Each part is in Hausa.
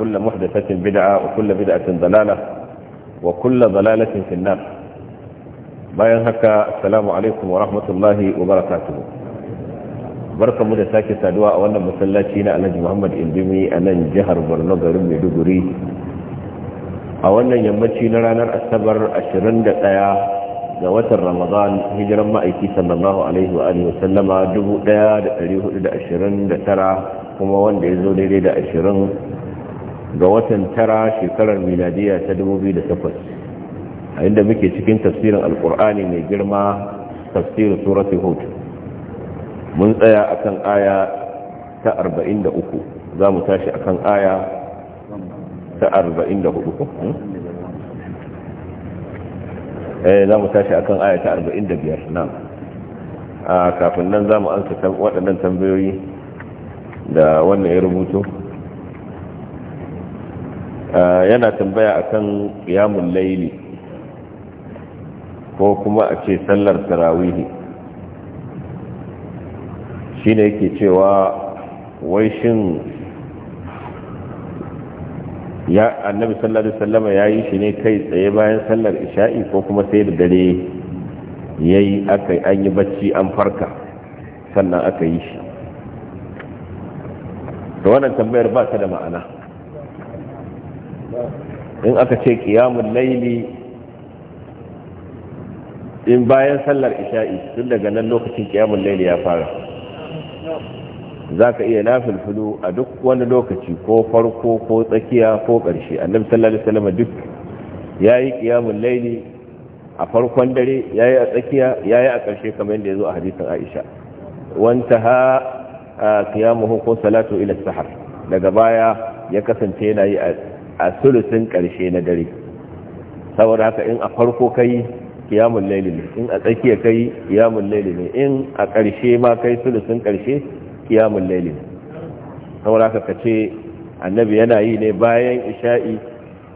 وكل محدثة بدعة وكل بدعة ضلالة وكل ضلالة في النار bayan haka assalamu alaikum wa rahmatullahi wa Barka mu da sake saduwa a wannan masallaci na Alhaji Muhammad Indimi a nan jihar Borno garin Maiduguri a wannan yammaci na ranar Asabar 21 ga watan Ramadan hijiran ma'aiki sallallahu alaihi wa alihi wa sallama 1429 kuma wanda ya zo daidai da 20 ga watan tara shekarar miladiya ta 2008 a inda muke cikin tafsirin alkur'ani mai girma tafsirin surati hud mun tsaya akan aya ta 43 za mu tashi akan aya ta 44 hmm? eh, za mu tashi akan aya ta 45 na ah, kafin nan za mu ansa waɗannan tambayoyi da wannan ya rubuto Ah, yana tambaya akan qiyamul laili ko kuma a ce sallar shi shine yake cewa wai shin ya annabi sallallahu sallama ya yi shi ne kai tsaye bayan sallar isha'i ko kuma sai da dare yayi aka an yi bacci an farka sannan aka yi shi da wannan tambayar ba ta da ma'ana in aka ce kiyamun laili in bayan sallar isha'i tun daga nan lokacin kiyamun laili ya fara za ka iya nafin nafilfilu a duk wani lokaci ko farko ko tsakiya ko ƙarshe annabi sallallahu alaihi wasallam duk ya yi kiyamun laili a farkon dare ya yi a tsakiya ya yi a ƙarshe kamar yadda ya zo a hadisin Aisha wanta a kiyamun ko salatu ila sahar daga baya ya kasance yana yi a a sulusin ƙarshe na dare saboda haka in a farko kai kiyamun laili ne in a tsakiya kai kiyamun laili ne in a ƙarshe ma kai sulusin ƙarshe kiyamun laili ne saboda haka ka ce annabi yana yi ne bayan isha'i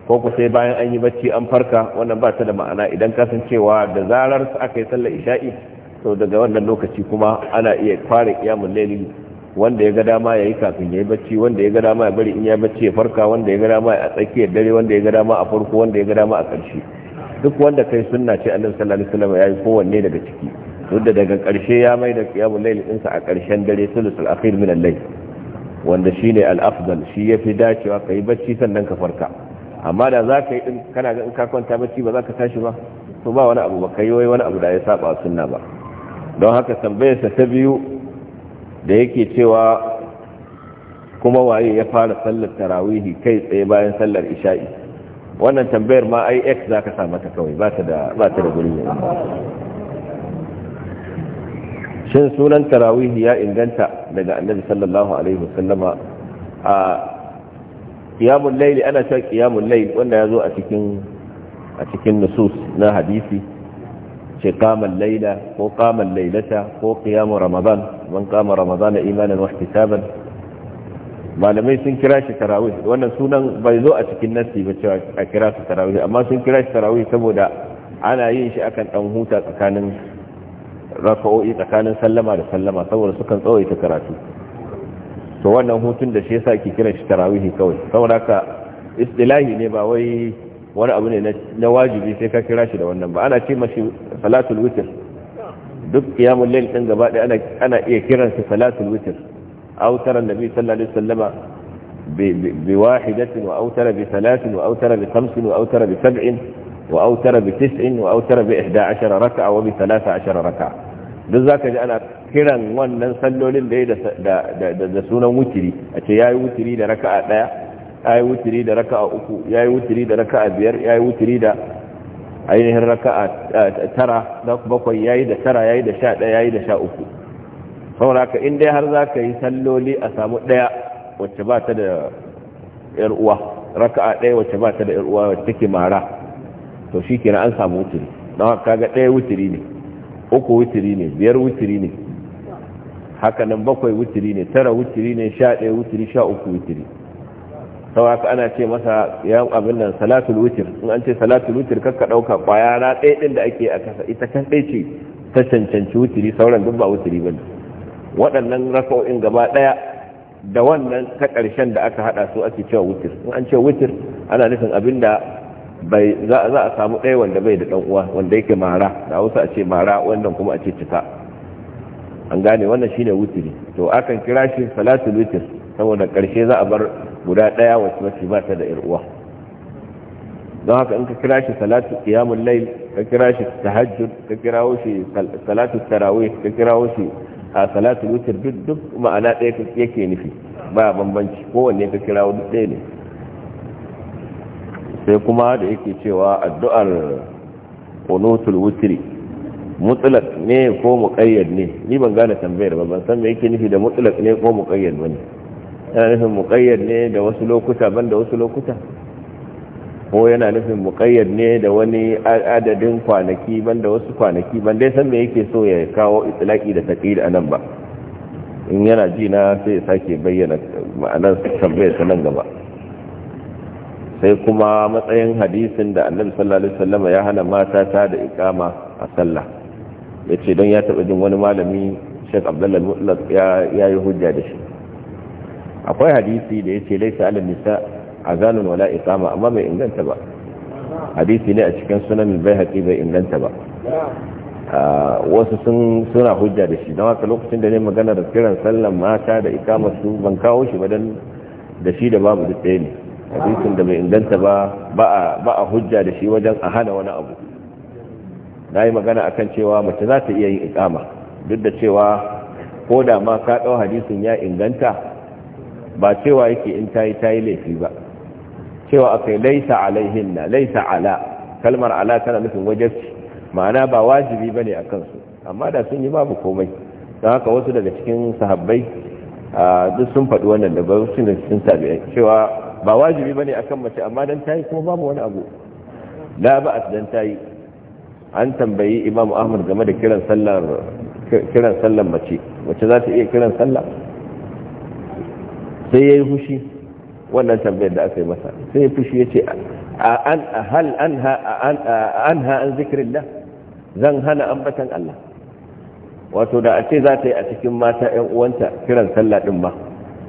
ko ku sai bayan an yi bacci an farka wannan ba ta da ma'ana idan kasancewa da zarar aka yi sallar isha'i to daga wannan lokaci kuma ana iya fara kiyamun laili wanda ya ga dama ya yi kafin ya yi bacci wanda ya ga dama ya bari in ya bacci ya farka wanda ya ga dama a tsakiyar dare wanda ya ga dama a farko wanda ya ga dama a ƙarshe duk wanda kai sunna ce annabi sallallahu alaihi wasallam ya yi kowanne daga ciki duk da daga karshe ya mai da qiyamul layl din sa a ƙarshen dare sulusul akhir min al-layl wanda shine al-afdal shi yafi dacewa kai bacci sannan ka farka amma da za ka yi din kana ga in ka kwanta bacci ba za ka tashi ba to ba wani abu ba kai wai wani abu da ya saba sunna ba don haka tambayarsa ta biyu da yake cewa kuma waye ya fara sallar tarawihi kai tsaye bayan sallar isha'i wannan tambayar ma ai x zaka ka sa mata kawai ba ta da guri ne shin sunan tarawihi ya inganta daga annabi sallallahu alaihi wasallama a qiyamul layl ana cewa qiyamul layl wanda yazo a cikin a cikin nusus na hadisi ce kamar layla ko kamar lailata ko qiyam ramadan man kama ramadan imanan wa ihtisaban malamai sun kira shi tarawih wannan sunan bai zo a cikin nassi ba cewa a kira shi tarawih amma sun kira shi tarawih saboda ana yin shi akan dan huta tsakanin raka'o'i tsakanin sallama da sallama saboda sukan tsawaita karatu to wannan hutun da shi yasa ake kira shi tarawih kawai saboda haka istilahi ne ba wai wani abu ne na wajibi sai ka kira shi da wannan ba ana ce mashi salatul witr duk kiyamul layl din gaba da ana ana iya kiran shi salatul witr awtara nabi sallallahu alaihi wasallama bi wahidatin wa awtara bi thalathin wa awtara bi khamsin wa awtara bi sab'in wa awtara bi tis'in wa awtara bi 11 rak'a wa bi 13 rak'a duk zaka ji ana kiran wannan sallolin da da da sunan wutiri a ce yayi wutiri da raka'a daya ya yi wutiri da raka'a uku ya yi wutiri da raka'a biyar ya yi wutiri da ainihin raka'a eh, tara da bakwai ya yi da tara ya yi da sha ɗaya ya yi da sha uku sauraka in dai har za ka yi salloli a samu ɗaya wacce ba ta da ‘yar uwa raka'a ɗaya wacce ba ta da ‘yar uwa wacce take mara to shi kenan an samu wutiri don haka kaga ɗaya wutiri ne uku wutiri ne biyar wutiri ne haka nan bakwai wutiri ne tara wutiri ne sha ɗaya wutiri sha uku wutiri haka ana ce masa ya abin nan salatul wutir in an ce salatul wutir kakka ɗauka kwaya na ɗaya da ake a kasa ita kan ɗaya ce ta cancanci wutiri sauran duk ba wutiri ne waɗannan raka'o'in gaba ɗaya da wannan ta ƙarshen da aka haɗa su ake cewa wutir in an ce wutir ana nufin abin da bai za a samu ɗaya wanda bai da ɗan uwa wanda yake mara da hausa a ce mara wannan kuma a ce cika an gane wannan shine wutiri to akan kira shi salatul wutir saboda ƙarshe za a bar guda ɗaya wacce wacce ba ta da ir'uwa don haka in ka kira shi salatu kiyamun lai ka kira shi tahajjud ka kirawo shi salatu tarawih ka kirawo shi a salatu wutir duk duk ma'ana ɗaya yake nufi ba bambanci kowanne ka kirawo duk ɗaya ne sai kuma da yake cewa addu'ar qunutul witri mutlaq ne ko muqayyad ne ni ban gane tambayar ba ban san me yake nufi da mutlaq ne ko muqayyad bane yana nufin muƙayyar ne da wasu lokuta ban da wasu lokuta ko yana nufin muƙayyar ne da wani adadin kwanaki ban da wasu kwanaki ban dai san me yake so ya kawo itilaki da taƙir a nan ba in yana ji na sai ya sake bayyana ma'anar tambayar ta nan gaba sai kuma matsayin hadisin da annabi sallallahu alaihi wasallam ya hana mata ta da ikama a sallah yace don ya taba jin wani malami Sheikh Abdullah Mutlaq ya yi hujja da shi akwai hadisi da yace laisa ala nisa azanun wala iqama amma bai inganta ba hadisi ne a cikin sunan bayhaqi bai inganta ba wasu sun suna hujja da shi don haka lokacin da ne magana da kiran sallan mata da iqama su ban kawo shi ba dan da shi da babu da tsaye ne hadisin da bai inganta ba ba a hujja da shi wajen a hana wani abu na yi magana akan cewa mace za ta iya yin iqama duk da cewa ko da ma ka ɗau hadisin ya inganta ba cewa yake in tayi tayi laifi ba cewa akai laisa alaihinna laisa ala kalmar ala tana nufin wajibi ma'ana ba wajibi bane akan su amma da sun yi babu komai don haka wasu daga cikin sahabbai duk sun faɗi wannan da ba su ne sun tabi'ai cewa ba wajibi bane akan mace amma dan tayi kuma babu wani abu la ba'as dan tayi an tambayi Imam Ahmad game da kiran sallar kiran sallar mace wacce za ta iya kiran sallah sai ya yi fushi wannan tambayar da aka yi masa sai ya fushi ya ce an ha an zikirin da zan hana ambatan Allah wato da a ce za ta yi a cikin mata 'yan uwanta kiran sallah din ma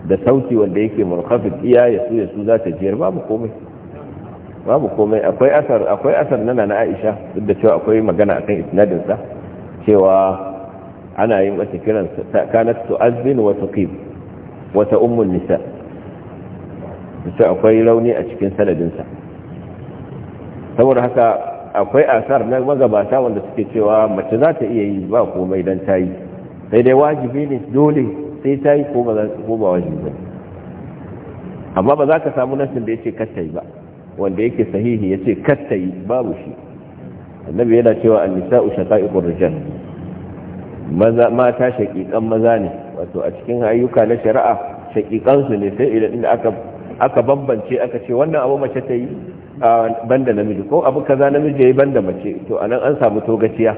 da sauti wanda yake murkafin iya ya su ya su za ta jiyar babu komai babu komai akwai asar akwai asar nana na Aisha duk da cewa akwai magana akan isnadin sa cewa ana yin wata kiran kanat tu'azzin wa tuqim wata ummun nisa nisa akwai rauni a cikin sanadinsa saboda haka akwai asar na magabata wanda suke cewa mace za ta iya yi ba komai don ta yi sai dai wajibi ne dole sai ta yi ko ba wajibi ba amma ba za ka samu nasin da ya ce katta yi ba wanda yake sahihi ya ce katta yi babu shi annabi yana cewa annisa usha rijal maza mata shaqiqan maza ne wato a cikin ayyuka na shari'a shakikansu ne sai idan aka aka bambance aka ce wannan abu mace ta yi banda namiji ko abu kaza namiji ya yi banda mace to anan an samu togaciya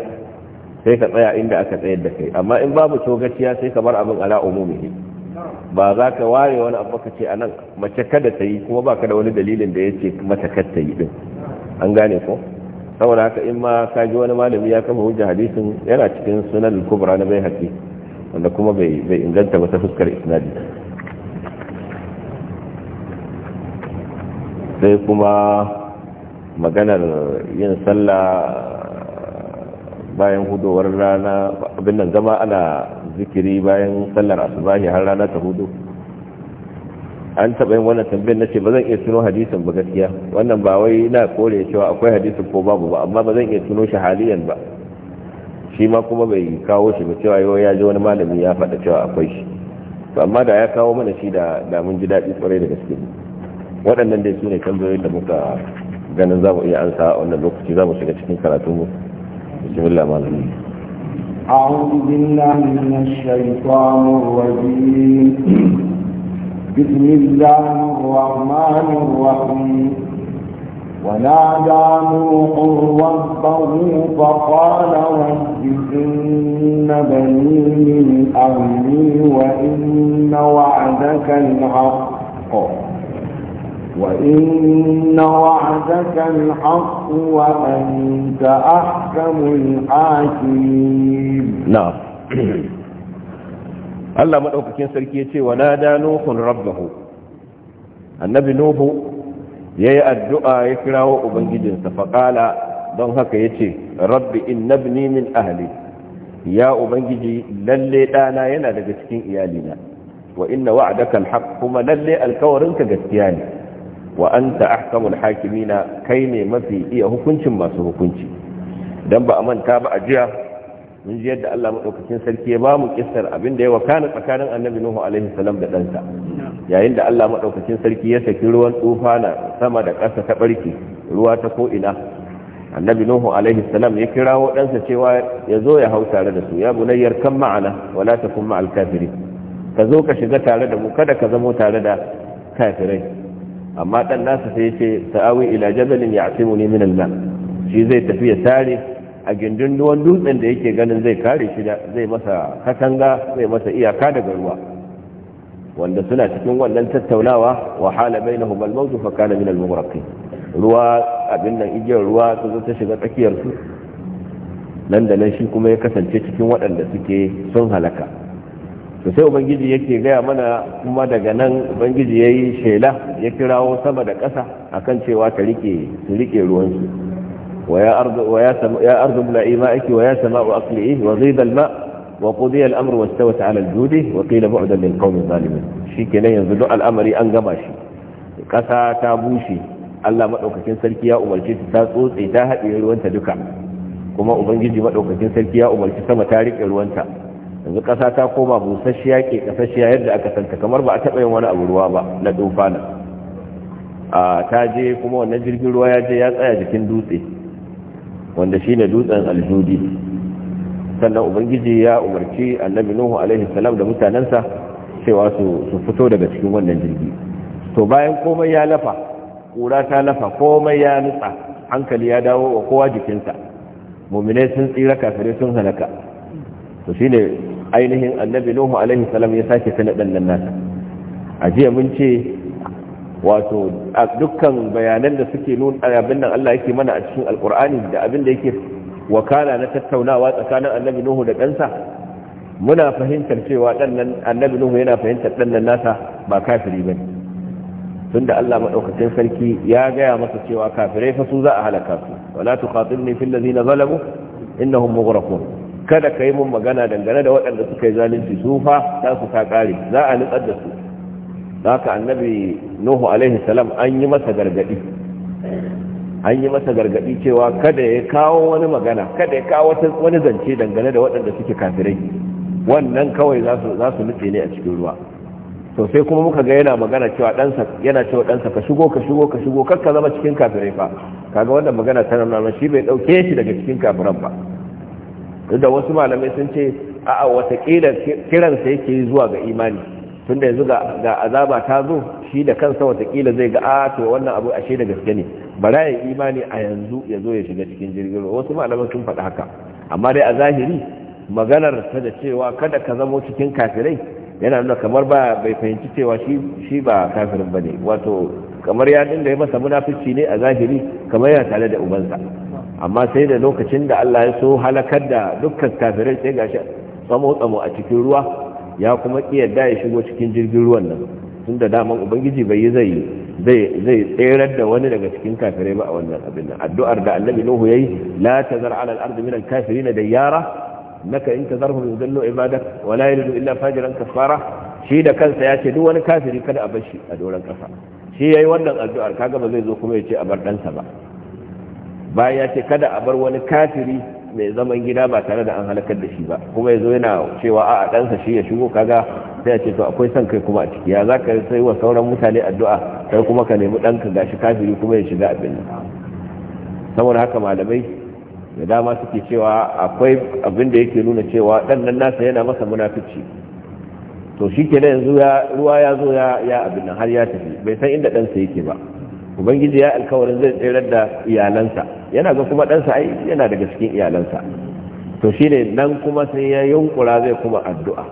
sai ka tsaya inda aka tsayar da kai amma in babu togaciya sai ka bar abin ala umumi ba za ka ware wani abu ka ce anan mace kada ta yi kuma ba ka da wani dalilin da ya ce mata kada ta yi din an gane ko saboda haka in ma ka ji wani malami ya kafa hujja hadisin yana cikin sunan kubra na bai hakki. wanda kuma bai inganta ba ta fuskar isnadi sai kuma maganar yin sallah bayan hudowar rana abin nan zama ana zikiri bayan sallar asubahi har rana ta hudu an taɓa yin wannan tambayar na ce ba zan iya tuno hadisin ba gaskiya wannan ba wai na kore cewa akwai hadisin ko babu ba amma ba zan iya tuno shi haliyan ba shi ma kuma bai kawo shi ba cewa yau ya ji wani malami ya faɗa cewa akwai shi to amma da ya kawo mana shi da da mun ji daɗi kwarai da gaske waɗannan dai su ne tambayoyin da muka ganin za mu iya ansa a wannan lokaci za mu shiga cikin karatu mu bismillah malami أعوذ بالله من الشيطان الرجيم بسم الله الرحمن الرحيم ونادى نوح ربه فقال رب إن بني من أهلي وإن وعدك الحق وإن وعدك الحق وأنت أحكم الحاكمين نعم الله maɗaukakin أوكي ya ce ونادى نوح ربه النبي نوح ya yi addu'a ya kirawo ubangijinsa faƙala don haka ya ce rabbi in nabni min ahali ya ubangiji lalle ɗana yana daga cikin iyalina wa inna wa'adaka haƙ kuma lalle alkawarinka gaskiya ne wa anta ahkamul hakimina kai ne mafi iya hukuncin masu hukunci dan ba a manta ba a jiya mun ji yadda Allah madaukakin sarki ya bamu kissar abin da ya wakana tsakanin annabi nuhu alaihi salam da ɗansa yayin da Allah madaukakin sarki ya saki ruwan tsufa na sama da ƙasa ta barke ruwa ta ko ina annabi nuhu alaihi salam ya kirawo ɗansa cewa ya zo ya hau tare da su ya bunayyar kan ma'ana wala takun ma'al kafirin ka zo ka shiga tare da mu kada ka zamo tare da kafirai amma ɗan nasa sai ya ce sa'awi ila jabalin ya'simuni min al-ma shi zai tafi ya tare a gindin ruwan dutsen da yake ganin zai kare shi zai masa katanga zai masa iyaka daga ruwa wanda suna cikin wannan tattaunawa wa hala bainahum al-mawt fa kana min al ruwa abin nan igiyar ruwa ta zo ta shiga tsakiyar su nan da nan shi kuma ya kasance cikin waɗanda suke sun halaka to sai ubangiji yake gaya mana kuma daga nan ubangiji ya yi shela ya kirawo sama da ƙasa akan cewa ta rike su ruwansu ويا أرض, ويا سم... يا أرض ملئي مائك ويا سماء أقلئيه وغيب الماء وقضي الأمر واستوت على الجود وقيل بعدا للقوم الظالمين شي كنا الأمر أن قماشي تابوشي Allah maɗaukakin sarki ya umarci ta tsotse ta haɗe ruwanta duka kuma ubangiji maɗaukakin sarki ya umarci sama ta ruwanta yanzu ƙasa ta koma busasshiya ke ƙasashiya yadda aka santa kamar ba a taɓa yin wani abu ruwa ba na tufana a ta je kuma wannan jirgin ruwa ya je ya tsaya jikin dutse wanda shine dutsen aljudi sannan ubangiji ya umarci annabi nuhu alaihi salam da mutanensa cewa su fito daga cikin wannan jirgi to bayan komai ya lafa kura ta lafa komai ya nutsa hankali ya dawo wa kowa jikinsa muminai sun tsira kafirai sun halaka to shine ainihin annabi nuhu alaihi salam ya sake sanadin nan nasa a jiya mun ce wato dukkan bayanan da suke nun abin nan Allah yake mana a cikin alkur'ani da abin da yake wakala na tattaunawa tsakanin annabi nuhu da ɗansa muna fahimtar cewa ɗannan annabi nuhu yana fahimtar ɗannan nasa ba kafiri bane tunda Allah maɗaukacin sarki ya gaya masa cewa kafirai fa su za a halaka su wala tuqatilni fil ladina zalamu innahum mughraqun kada kai mun magana dangane da waɗanda suka yi zalunci su fa za su ka kare za a nutsar da su haka annabi nuhu alaihi salam an yi masa gargadi an yi masa gargadi cewa kada ya kawo wani magana kada ya kawo wani zance dangane da waɗanda suke kafirai wannan kawai za su nutse ne a cikin ruwa to sai kuma muka ga yana magana cewa ɗansa yana cewa ɗansa ka shigo ka shigo ka shigo kakka zama cikin kafirai fa kaga wannan magana ta nuna shi bai ɗauke shi daga cikin kafiran ba duk da wasu malamai sun ce a'a wataƙila kiransa yake zuwa ga imani tun da yanzu ga azaba ta zo shi da kansa watakila zai ga a to wannan abu ashe da gaske ne bara ya imani a yanzu ya zo ya shiga cikin jirgin ruwa wasu malaman sun faɗi haka amma dai a zahiri maganar ta da cewa kada ka zamo cikin kafirai yana nuna kamar ba bai fahimci cewa shi ba kafirin ba ne wato kamar ya dinga ya masa munafici ne a zahiri kamar yana tare da ubansa amma sai da lokacin da Allah ya so halakar da dukkan kafirai sai gashi tsamo tsamo a cikin ruwa ya kuma kiyarda ya shigo cikin jirgin ruwan nan da daman ubangiji bai yi zai zai tserar da wani daga cikin kafirai ba a wannan abin nan addu'ar da annabi nuhu yayi la tazar ala al-ardi min al-kafirin yara. naka in tazarhum yudillu ibadak wa la yalidu illa fajiran kafara shi da kansa ya ce duk wani kafiri kada a bar shi a doran kasa shi yayi wannan addu'ar kaga ba zai zo kuma ya ce a bar ɗansa ba bayan ya ce kada a bar wani kafiri mai zaman gida ba tare da an halakar da shi ba kuma ya zo yana cewa a ɗansa shi ya shigo kaga sai ya ce to akwai son kai kuma a ciki ya zaka sai wa sauran mutane addu'a sai kuma ka nemi ɗanka gashi kafiri kuma ya shiga abin nan saboda haka malamai da dama suke cewa akwai abin da yake nuna cewa ɗan nan nasa yana masa munafici to shi ke yanzu ruwa ya zo ya abin nan har ya tafi bai san inda ɗansa yake ba ubangiji ya alkawarin zai tsirar da iyalansa yana ga kuma ɗansa ai yana daga cikin iyalansa to shi ne nan kuma sai ya yunkura zai kuma addu'a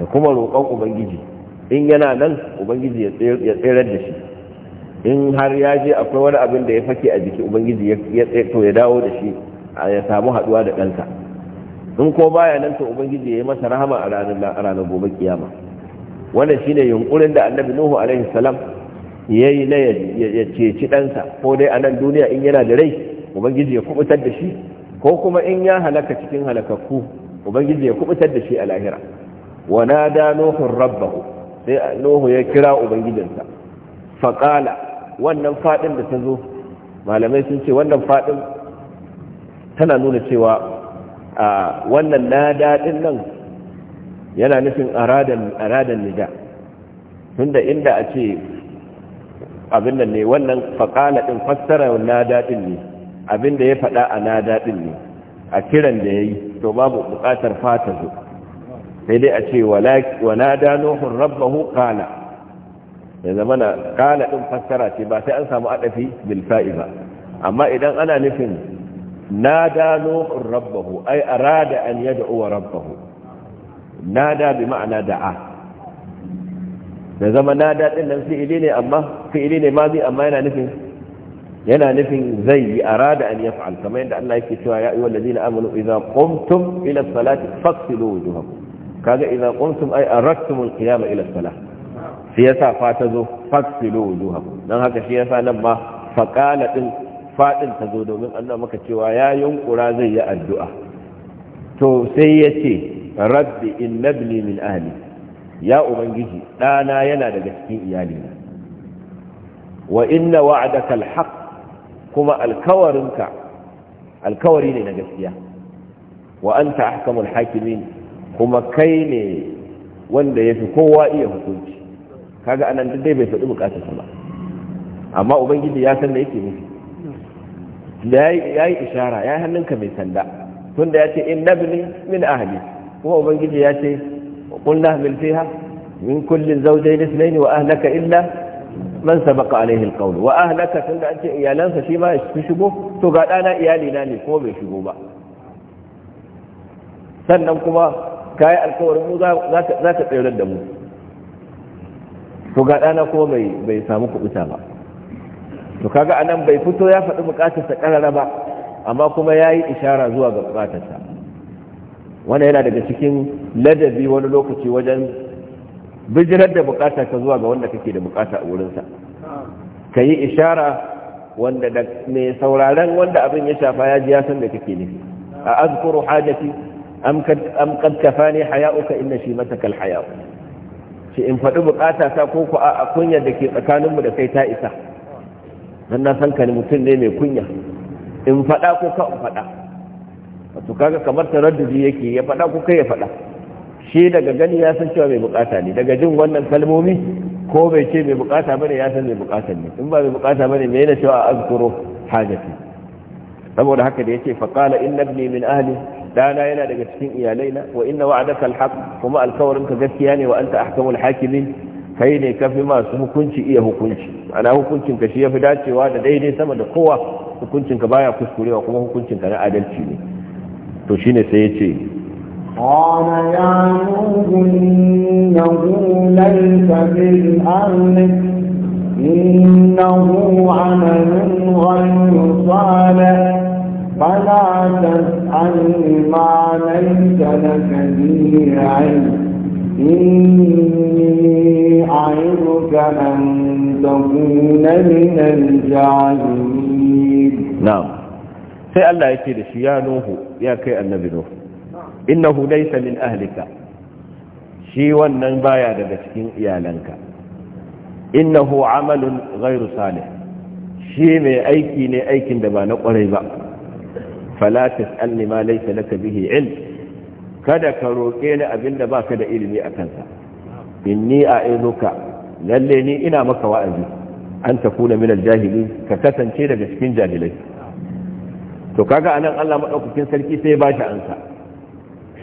da kuma roƙon ubangiji in yana nan ubangiji ya tsirar da shi in har ya je akwai wani abin da ya fake a jiki ubangiji ya to ya dawo da shi ya samu haɗuwa da ɗansa in ko baya nan to ubangiji ya yi masa rahama a ranar gobe kiyama wannan shine yunkurin da annabi nuhu alaihi salam yayi na ya ceci ɗansa ko dai a nan duniya in yana da rai ubangiji ya kubutar da shi ko kuma in ya halaka cikin halakakku ubangiji ya kubutar da shi a lahira wa nada nuhun rabbahu sai nuhu ya kira ubangijinsa faƙala wannan faɗin da ta zo malamai sun ce wannan faɗin tana nuna cewa a wannan nada din nan yana nufin aradan nida tunda inda a ce abin nan ne wannan faƙala ɗin fassara na daɗin ne abin da ya faɗa a na daɗin ne a kiran da ya yi to babu buƙatar fata zo sai dai a ce wa na da nuhun rabbahu ƙala ya zama na ƙala ɗin fassara ce ba sai an samu adafi bilfa'i ba amma idan ana nufin na da nuhun rabbahu ai arada an yadda uwa rabbahu na da bi ma'ana da'a da zama na daɗin nan fi'ili ne amma fi'ili ne mazi amma yana nufin yana nufin zai yi arada an yaf'al kamar yadda Allah yake cewa ya ayyuhal ladina amanu idza qumtum ila salati faghsilu wujuhakum kaga idza qumtum ai aradtum al-qiyama ila salah shi yasa fa ta zo faghsilu wujuhakum dan haka shi yasa nan ma faqala din fadin ta zo domin Allah maka cewa ya yunkura zai yi addu'a to sai yace rabbi inna ibni min ahli ya ubangiji ɗana yana daga cikin iyalina wa inna wa'adaka alhaq kuma alkawarinka alkawari ne na gaskiya wa anta ahkamul hakimin kuma kai ne wanda yafi kowa iya hukunci kaga anan duk dai bai faɗi bukatarsa ba amma ubangiji ya san da yake nufi ya yi ishara ya hannunka mai sanda tunda yace ce in nabni min ahli kuma ubangiji ya ce قلنا اهمل فيها من كل زوجين اثنين وأهلك إلا من سبق عليه القول وأهلك تند أنت إيالان فشيما يشبه تقال أنا إيالي ناني كوم يشبه بقى sannan kuma ka alkawarin mu za ka tsayar da to ga ɗana kuma bai samu kuɓuta ba to kaga anan bai fito ya faɗi sa ƙarara ba amma kuma ya yi ishara zuwa ga wanda yana daga cikin ladabi wani lokaci wajen bijirar da bukata ka zuwa ga wanda kake da bukata a wurinsa ka yi ishara wanda da mai sauraren wanda abin ya shafa ya ji ya san da kake nufi a azkuru hajati am kad kafani haya'uka inna shi matakal haya'u ce in faɗi bukata sa ko ku a kunyar da ke tsakaninmu da kai ta isa dan na san ka mutum ne mai kunya in faɗa ko ka in faɗa to kaga kamar taraddudi yake ya faɗa ko kai ya faɗa shi daga gani ya san cewa mai bukata ne daga jin wannan kalmomi ko bai ce mai bukata bane ya san mai bukata ne in ba mai bukata bane me yana cewa azkuru hajati saboda haka da yace faqala inna ibni min ahli dana yana daga cikin iyalaina wa inna wa'adaka alhaq kuma alkawarin ka gaskiya ne wa anta ahkamul hakimin kai ne ka fi masu hukunci iya hukunci ana hukuncin ka shi yafi dacewa da daidai sama da kowa hukuncin ka baya kuskurewa kuma hukuncin ka na adalci ne to shi ne sai ya ce Ƙwana ya nufin ya gulan sabir arni inna hu sai Allah ce da shi ya nuhu ya kai annabi nuhu innahu laysa min ahlika shi wannan baya daga cikin iyalanka innahu amalun ghairu salih shi mai aiki ne aikin da ba na kwarai ba fala tasalni ma laysa laka bihi ilm kada ka roke ni abinda baka da ilimi akan sa inni a'izuka lalle ni ina maka wa'azi an takuna min al-jahili ka kasance daga cikin jahilai to kaga anan Allah madaukakin sarki sai ba shi ansa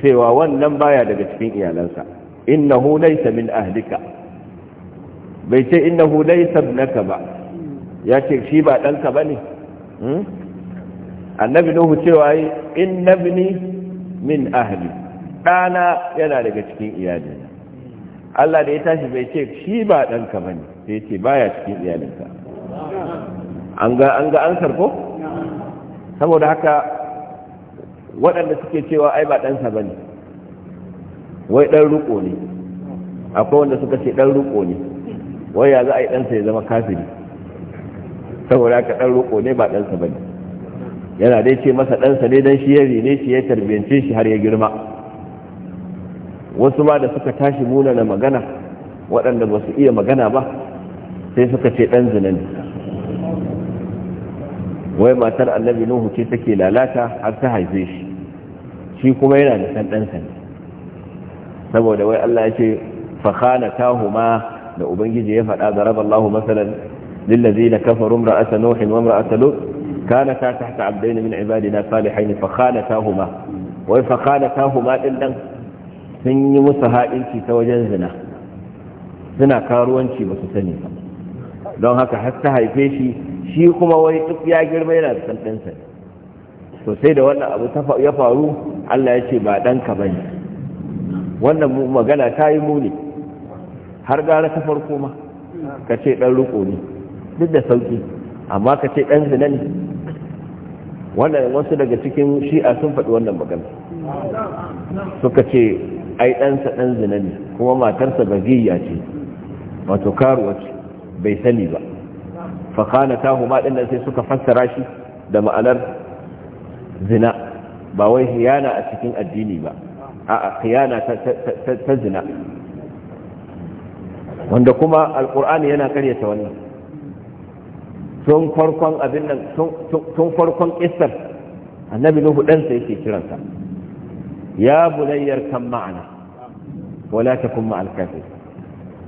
cewa wannan baya daga cikin iyalansa innahu laysa min ahlika bai ce innahu laysa ibnaka ba ya ce shi ba danka bane hmm? annabi nuhu cewa yi inna ibni min ahli dana yana daga cikin iyalina Allah da ya tashi bai ce shi ba danka bane sai ce baya cikin iyalinka an ga an ga ansar ko saboda haka waɗanda suke cewa ai ba ɗansa ba ne wai ɗan ruko ne akwai wanda suka ce ɗan ruko ne wai ya za a yi ɗansa ya zama kafiri saboda haka ɗan ruko ne ba ɗansa ba ne yana dai ce masa ɗansa ne don shi ya rine shi ya tarbiyance shi har ya girma wasu ma da suka tashi munana magana waɗanda ba su iya magana ba sai suka ce ɗan zina ne wai matar annabi nuhu ce take lalata har ta haife shi shi kuma yana da san ɗansa ne saboda wai Allah ya ce fakhana huma da ubangiji ya faɗa zaraba Allahu masalan kafa rumra imra'atan nuhin wa imra'atan lut kana ta tahta abdaina min ibadina salihin fakhana huma wai fakhana huma ɗin dan sun yi musu ha'inci ta wajen zina suna karuwanci ba su sani don haka har ta haife shi shi kuma wai duk ya girma yana da ɗansa to da wannan abu ya faru Allah ya ce ba ɗanka ba ne wannan magana ta yi muni har gara ta farko ma ka ce ɗan riko ne duk da sauƙi amma ka ce ɗan zina ne wannan wasu daga cikin shi'a sun faɗi wannan magana suka ce ai ɗansa ɗan zina ne kuma matarsa bagiyya ce wato karuwa ce bai sani ba ta huma ɗinnan sai suka fassara shi da ma'anar zina ba wai khiyana a cikin addini ba a'a khiyana ta zina wanda kuma alkur'ani yana karyata wannan tun farkon abin nan tun farkon kissar annabi nuhu ɗansa yake kiransa ya bunayyar kan ma'ana wala takun ma'al kafir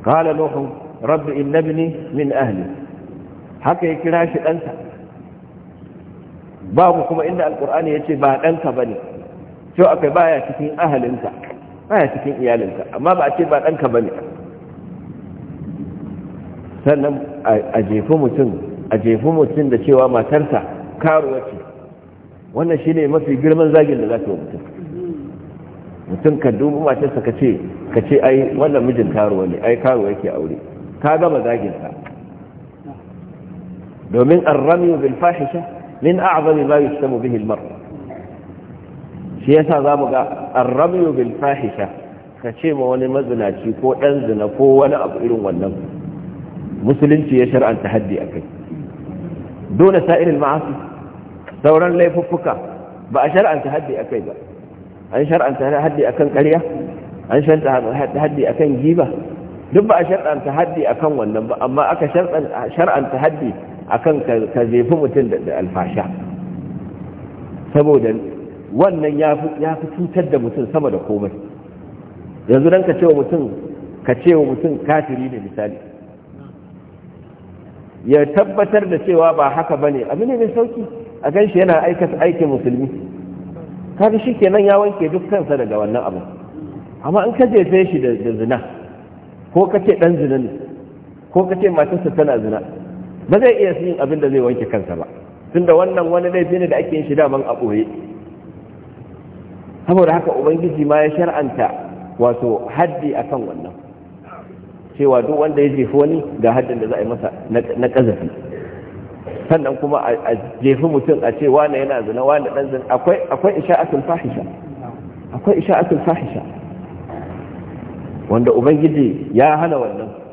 qala nuhu rabbi innabni min ahli haka ya kira shi ɗansa babu kuma inda alƙur'ani ya ce ba ɗanka ba ne to akwai baya cikin ahalinka baya cikin iyalinka amma ba a ce ba ɗanka ba ne sannan a jefi mutum a jefi mutum da cewa matarsa karuwa ce wannan shi ne mafi girman zagin da za ta wa mutum mutum ka dubu matarsa ka ce ka ce ai wannan mijin karuwa ne ai karuwa yake aure ka gama zaginsa domin arrami bil fahisha min a'zami ma yusamu bihi al-mar shi yasa zamu ga arrami bil fahisha ka ce ma wani mazinaci ko dan zina ko wani abu irin wannan musulunci ya shar'anta haddi akai dole sa'ir al-ma'asi sauran laifuffuka ba a shar'anta haddi akai ba an shar'anta haddi akan ƙarya an shar'anta haddi akan giba duk ba a shar'anta haddi akan wannan ba amma aka shar'anta haddi akan ka jefi mutum da alfasha saboda wannan ya fi cutar da mutum sama da komai yanzu don ka ce wa mutum ka ce mutum kafiri ne misali ya tabbatar da cewa ba haka ba ne abin ne mai sauki a gan shi yana aikata aikin musulmi kafin shi kenan ya wanke duk kansa daga wannan abu amma an ka jefe shi da zina ko ka dan zina ne ko ka matarsa tana zina ba zai iya sun abin da zai wanke kansa ba Tun da wannan wani laifi ne da ake yin shi daman a ɓoye saboda haka ubangiji ma ya shar'anta wato haddi akan wannan cewa duk wanda ya jefi wani ga haddin da za a yi masa na ƙazafi sannan kuma a jefi mutum a ce wane yana zina wane ɗan zina akwai akwai isha'atul fahisha akwai isha'atul fahisha wanda ubangiji ya hana wannan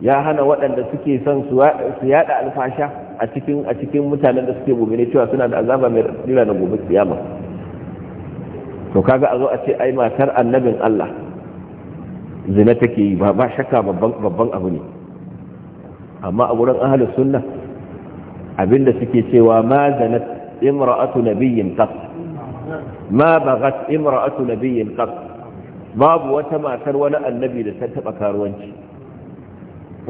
ya hana waɗanda suke son su yada alfasha a cikin a cikin mutanen da suke mumine cewa suna da azaba mai rira na gobe kiyama to kaga a zo a ce ai matar annabin Allah zina take yi ba ba shakka babban babban abu ne amma a gurin ahli sunna abinda suke cewa ma zanat imra'atu nabiyyin qat ma bagat imra'atu nabiyyin qat babu wata matar wani annabi da ta taba karuwanci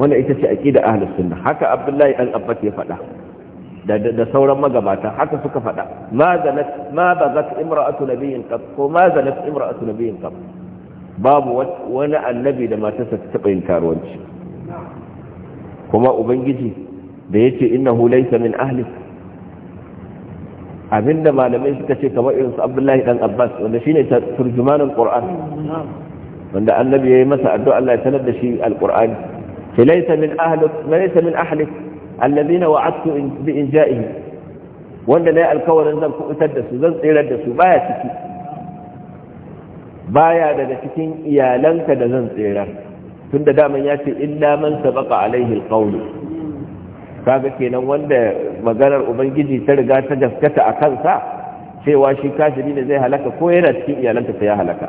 wannan ita ce aqida ahlus sunna haka abdullahi dan abbas ya faɗa da sauran magabata haka suka faɗa ma zanat ma bazat imra'atu nabiyyin qab ko ma zanat imra'atu nabiyyin qab babu wani annabi da matarsa ta taɓa yin karuwanci kuma ubangiji da yace innahu laysa min ahli. abinda malamai suka ce kamar irin su abdullahi dan abbas wanda shine turjumanin qur'an wanda annabi yayi masa addu'a Allah ya sanar da shi alqur'ani ce laisa min ahlik laisa min ahlik alladhina wa'adtu bi injaihi wanda nayi alkawarin zan kubutar da su zan tsirar da su baya ciki baya daga cikin iyalanka da zan tsirar tunda daman ya ce illa man sabaqa alaihi alqawlu kaga kenan wanda maganar ubangiji ta riga ta gaskata a kansa cewa shi kafiri ne zai halaka ko yana cikin iyalanka sai ya halaka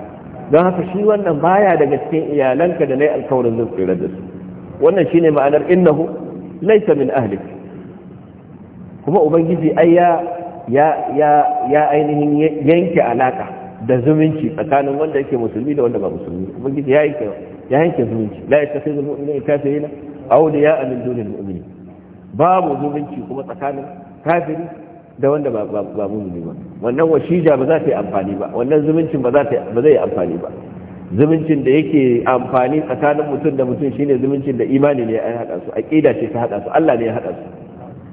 don haka shi wannan baya daga cikin iyalanka da nayi alkawarin zan tsirar da su wannan shine ma'anar innahu laysa min ahlik kuma ubangiji ai ya ya ainihin yanke alaka da zumunci tsakanin wanda yake musulmi da wanda ba musulmi ubangiji ya yanke ya yanke zumunci la yattakhidhu al-mu'minuna kafirina awliya'a min dunil mu'minin babu zumunci kuma tsakanin kafiri da wanda ba mu'mini ba wannan washija ba za ta yi amfani ba wannan zumuncin ba za ta ba zai yi amfani ba zumuncin da yake amfani tsakanin mutum da mutum shine zumuncin da imani ne ya haɗa su ƙida ce ta haɗa su Allah ne ya haɗa su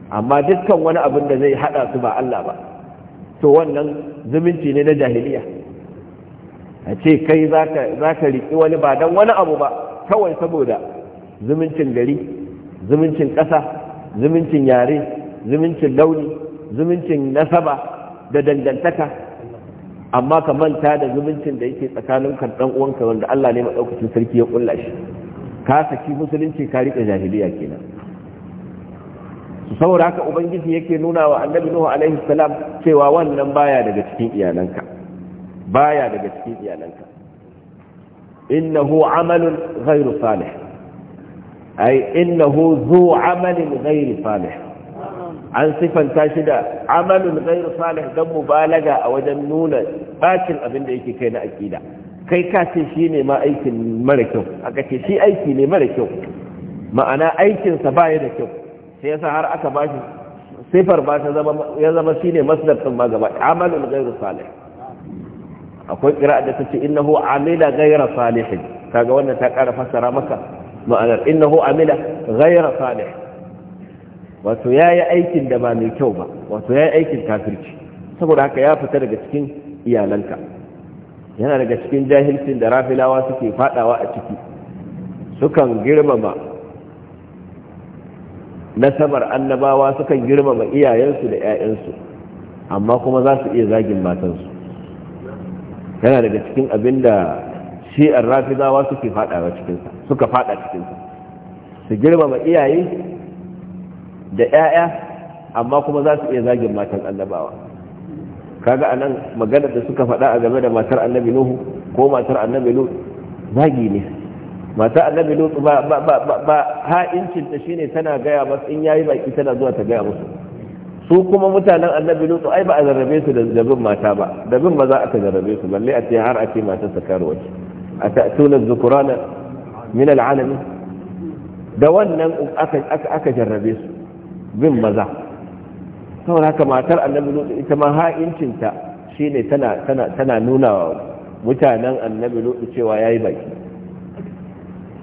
amma dukkan wani abin da zai haɗa su ba Allah ba to wannan zumunci ne na jahiliya a ce kai za ka riƙi wani ba don wani abu ba kawai saboda zumuncin gari zumuncin ƙasa zumuncin yare zumuncin launi zumuncin nasaba da dangantaka amma ka manta da zumuncin da yake tsakanin kan dan uwanka wanda Allah ne madaukakin sarki ya kulla shi ka saki musulunci ka rike jahiliya kenan saboda haka ubangiji yake nuna wa annabi nuhu alaihi salam cewa wannan baya daga cikin iyalanka baya daga cikin iyalanka innahu amalun ghairu salih ay innahu zu amalin ghairu salih an sifanta shi da amalun ghairu salih dan mubalaga a wajen nuna bacin abin da yake kai na aqida kai ka ce shi ne ma aikin mara kyau aka ce shi aiki ne mara kyau ma'ana aikinsa baya da kyau sai yasa har aka ba shi sifar ba ta zama ya zama shi ne masdar ɗin magaba gaba amalun salih akwai kira da ta ce innahu amila ghairu salihin kaga wannan ta ƙara fassara maka ma'anar innahu amila Gaira salih wato ya yi aikin da ba mai kyau ba wato ya yi aikin kafirci saboda haka ya fita daga cikin iyalanka yana daga cikin jahilcin da rafilawa suke fadawa a ciki sukan girmama nasabar annabawa sukan girmama iyayensu da 'ya'yansu amma kuma za su iya zagin matansu yana daga cikin abin da shi'ar rafilawa suke fadawa cikinsa suka fada cikinsa su girmama iyaye da ƴaƴa amma kuma za su iya zagin matan annabawa kaga anan maganar da suka faɗa a game da matar annabi nuhu ko matar annabi nuhu zagi ne matar annabi nuhu ba ba ba ba ha'incin ta shine tana gaya masu in yayi baki tana zuwa ta gaya musu su kuma mutanen annabi nuhu ai ba a zarrabe su da zabin mata ba da bin za a zarrabe su balle a ce har a ce matar ta karuwa a ta'tuna zukurana min al'alamin da wannan aka jarrabe su bin maza kawai haka matar annabi lutu ita ma ha'incinta shi ne tana nuna wa mutanen annabi lutu cewa ya yi baki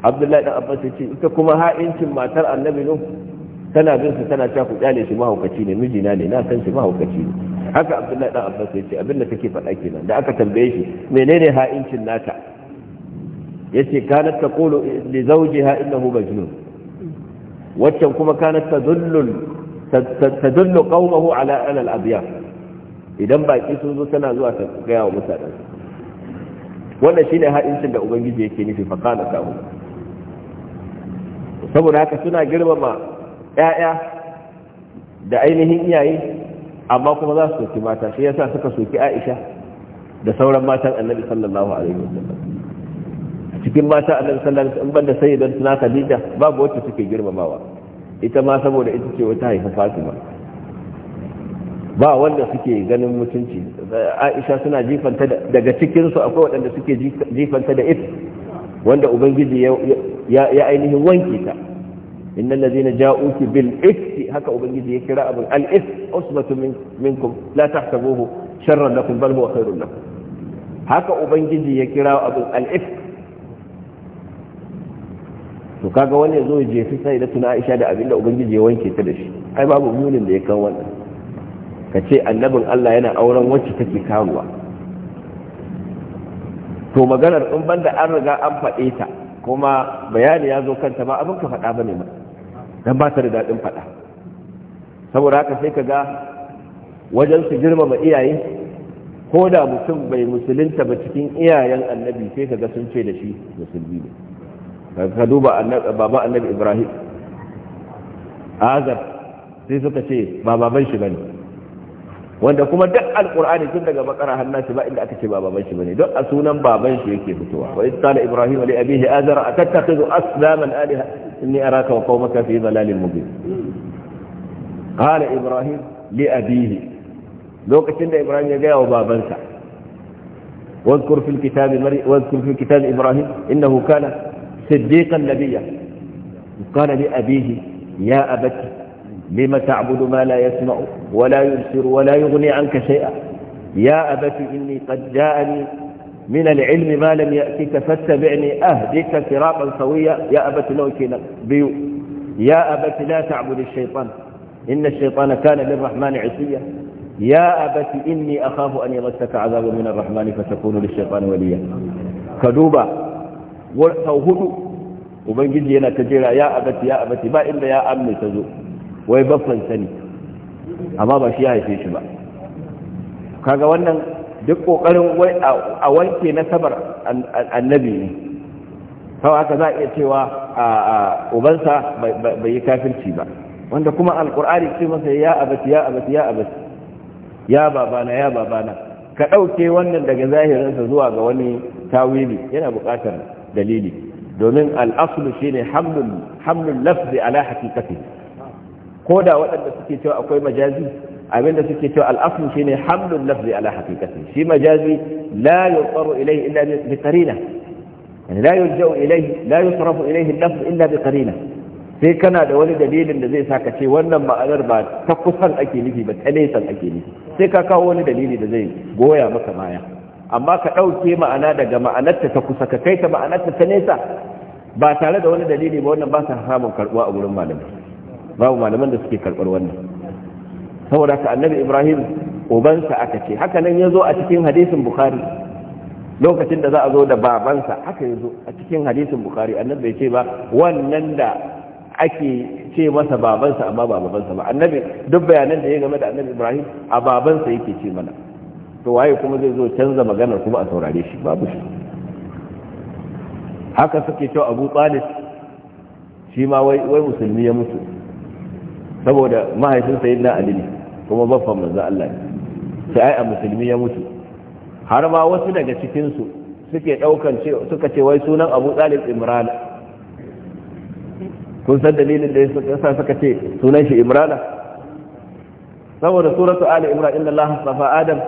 abdullahi ɗan abbas ce ita kuma ha'incin matar annabi lutu tana bin su tana cewa ku kyale shi mahaukaci ne mijina ne na san shi mahaukaci ne haka abdullahi ɗan abbas yace abin ta take faɗa kenan da aka tambaye shi menene ha'incin nata yace kanat taqulu li zawjiha innahu majnun waccan kuma kanat tadullu tadullu qaumahu ala al abyad idan baƙi sun zo tana zuwa ta gaya wa mutanen wannan shine ha'incin da ubangiji yake nufi fa na kawo saboda haka suna girmama 'ya'ya da ainihin iyaye amma kuma za su soki mata shi yasa suka soki Aisha da sauran matan Annabi sallallahu alaihi wasallam cikin mata annabi sallallahu alaihi wasallam banda sayyidan tuna khadija babu wacce suke girmamawa ita ma saboda ita ce wata haifa fatima ba wanda suke ganin mutunci aisha suna jifanta daga cikinsu akwai waɗanda suke jifanta da if wanda ubangiji ya ainihin wanke ta innal ladina ja'uki bil ifti haka ubangiji ya kira abin al if usbatu minkum la tahsabuhu sharran lakum bal huwa khairun lakum haka ubangiji ya kira abin al if kaga wani zo je fi sai da tuna Aisha da abinda ubangiji ya wanke ta da shi ai babu munin da ya kan wannan ka ce annabin Allah yana auren wacce take karuwa to maganar in banda an riga an faɗe ta kuma bayani ya zo kanta ba abin ka faɗa bane ma dan ba ta da dadin faɗa saboda haka sai kaga wajen su girmama iyaye ko da mutum bai musulunta ba cikin iyayen annabi sai kaga sun ce da shi musulmi ne ka duba baba annabi ibrahim azar sai suka ce ba baban shi bane wanda kuma duk alqur'ani tun daga bakara hannu shi ba inda aka ce ba baban shi bane don a sunan baban shi yake fitowa wa isa qala ibrahim li abihi azar atattakhidhu aslaman alaha inni araka wa kawo qaumaka fi dhalalin mubin qala ibrahim li abihi lokacin da ibrahim ya gaya wa babansa واذكر في الكتاب مري... واذكر في صديقا نبيا قال لأبيه يا أبت لم تعبد ما لا يسمع ولا يبصر ولا يغني عنك شيئا يا أبت إني قد جاءني من العلم ما لم يأتك فاتبعني أهدك صراطا سويا يا أبت نوكي بيو يا أبت لا تعبد الشيطان إن الشيطان كان للرحمن عصيا يا أبت إني أخاف أن يمسك عذاب من الرحمن فتكون للشيطان وليا كدوبا sau hudu ubangiji yana ta jira ya abati ya abati ba inda ya amme ta zo wai baffan sani amma ba shi ya haife shi ba kaga wannan duk kokarin wai a wanke nasabar annabi ne kawai aka za a iya cewa a ubansa bai yi kafirci ba wanda kuma alkur'ani ce masa ya abati ya abati ya abati ya babana ya babana ka ɗauke wannan daga zahirinsa zuwa ga wani tawili yana buƙatar dalili domin al'aslu shine hamlul hamlul lafzi ala haqiqati ko da waɗanda suke cewa akwai majazi abinda suke cewa al'aslu shine hamlul lafzi ala haqiqati shi majazi layu yuqaru ilayhi illa bi qarina yani la yurja'u ilayhi la yusrafu ilayhi al-lafz illa bi qarina sai kana da wani dalilin da zai sa ka ce wannan ma'anar ba ta kusan ake nufi ba ta nesan ake nufi sai ka kawo wani dalili da zai goya maka baya amma ka ɗauke ma'ana daga ma'anarta ta kusa ka kai ta ma'anarta ta nesa ba tare da wani dalili ba wannan ba sa samun karɓuwa a gurin malamai babu malaman da suke karɓar wannan saboda ka annabi ibrahim ubansa aka ce haka nan ya zo a cikin hadisin bukhari lokacin da za a zo da babansa haka ya zo a cikin hadisin bukhari annabi bai ce ba wannan da ake ce masa babansa amma ba babansa ba annabi duk bayanan da ya game da annabi ibrahim a babansa yake ce mana to waye kuma zai zo canza maganar kuma a saurare shi babu shi haka suke cewa abu talib shi ma wai musulmi ya mutu saboda mahaifin sayi na alili kuma baffan manzo Allah sai ai a musulmi ya mutu har ma wasu daga cikinsu suke ɗaukan suka ce wai sunan abu talib imrana kun san dalilin da ya suka ce sunan shi imrana saboda suratu ali imran inna allaha safa adam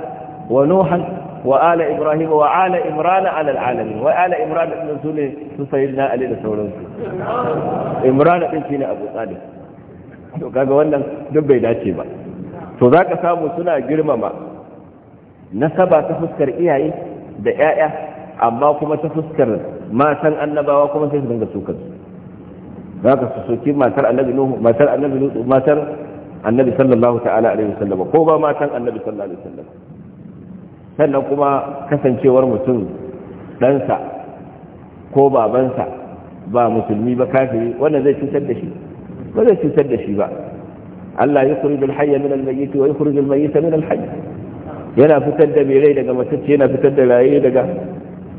wa nuhan wa ibrahim wa ala imran ala alalami wa ala imran din su ne su sayyidina ali da sauransu imran din shine abu talib to kaga wannan duk bai dace ba to zaka samu suna girmama nasaba ta fuskar iyaye da ƴaƴa amma kuma ta fuskar matan annabawa kuma sai su dinga sukar za ka su soki matar annabi nuhu matar annabi nuhu matar annabi sallallahu ta'ala ko ba sallallahu sannan kuma kasancewar mutum ɗansa ko babansa ba musulmi ba kafiri wannan zai cutar da shi ba zai cutar da shi ba Allah ya kuri bil hayya min al-mayyit wa yukhrij al-mayyit min al-hayy yana fitar da mai daga matacce yana fitar da raye daga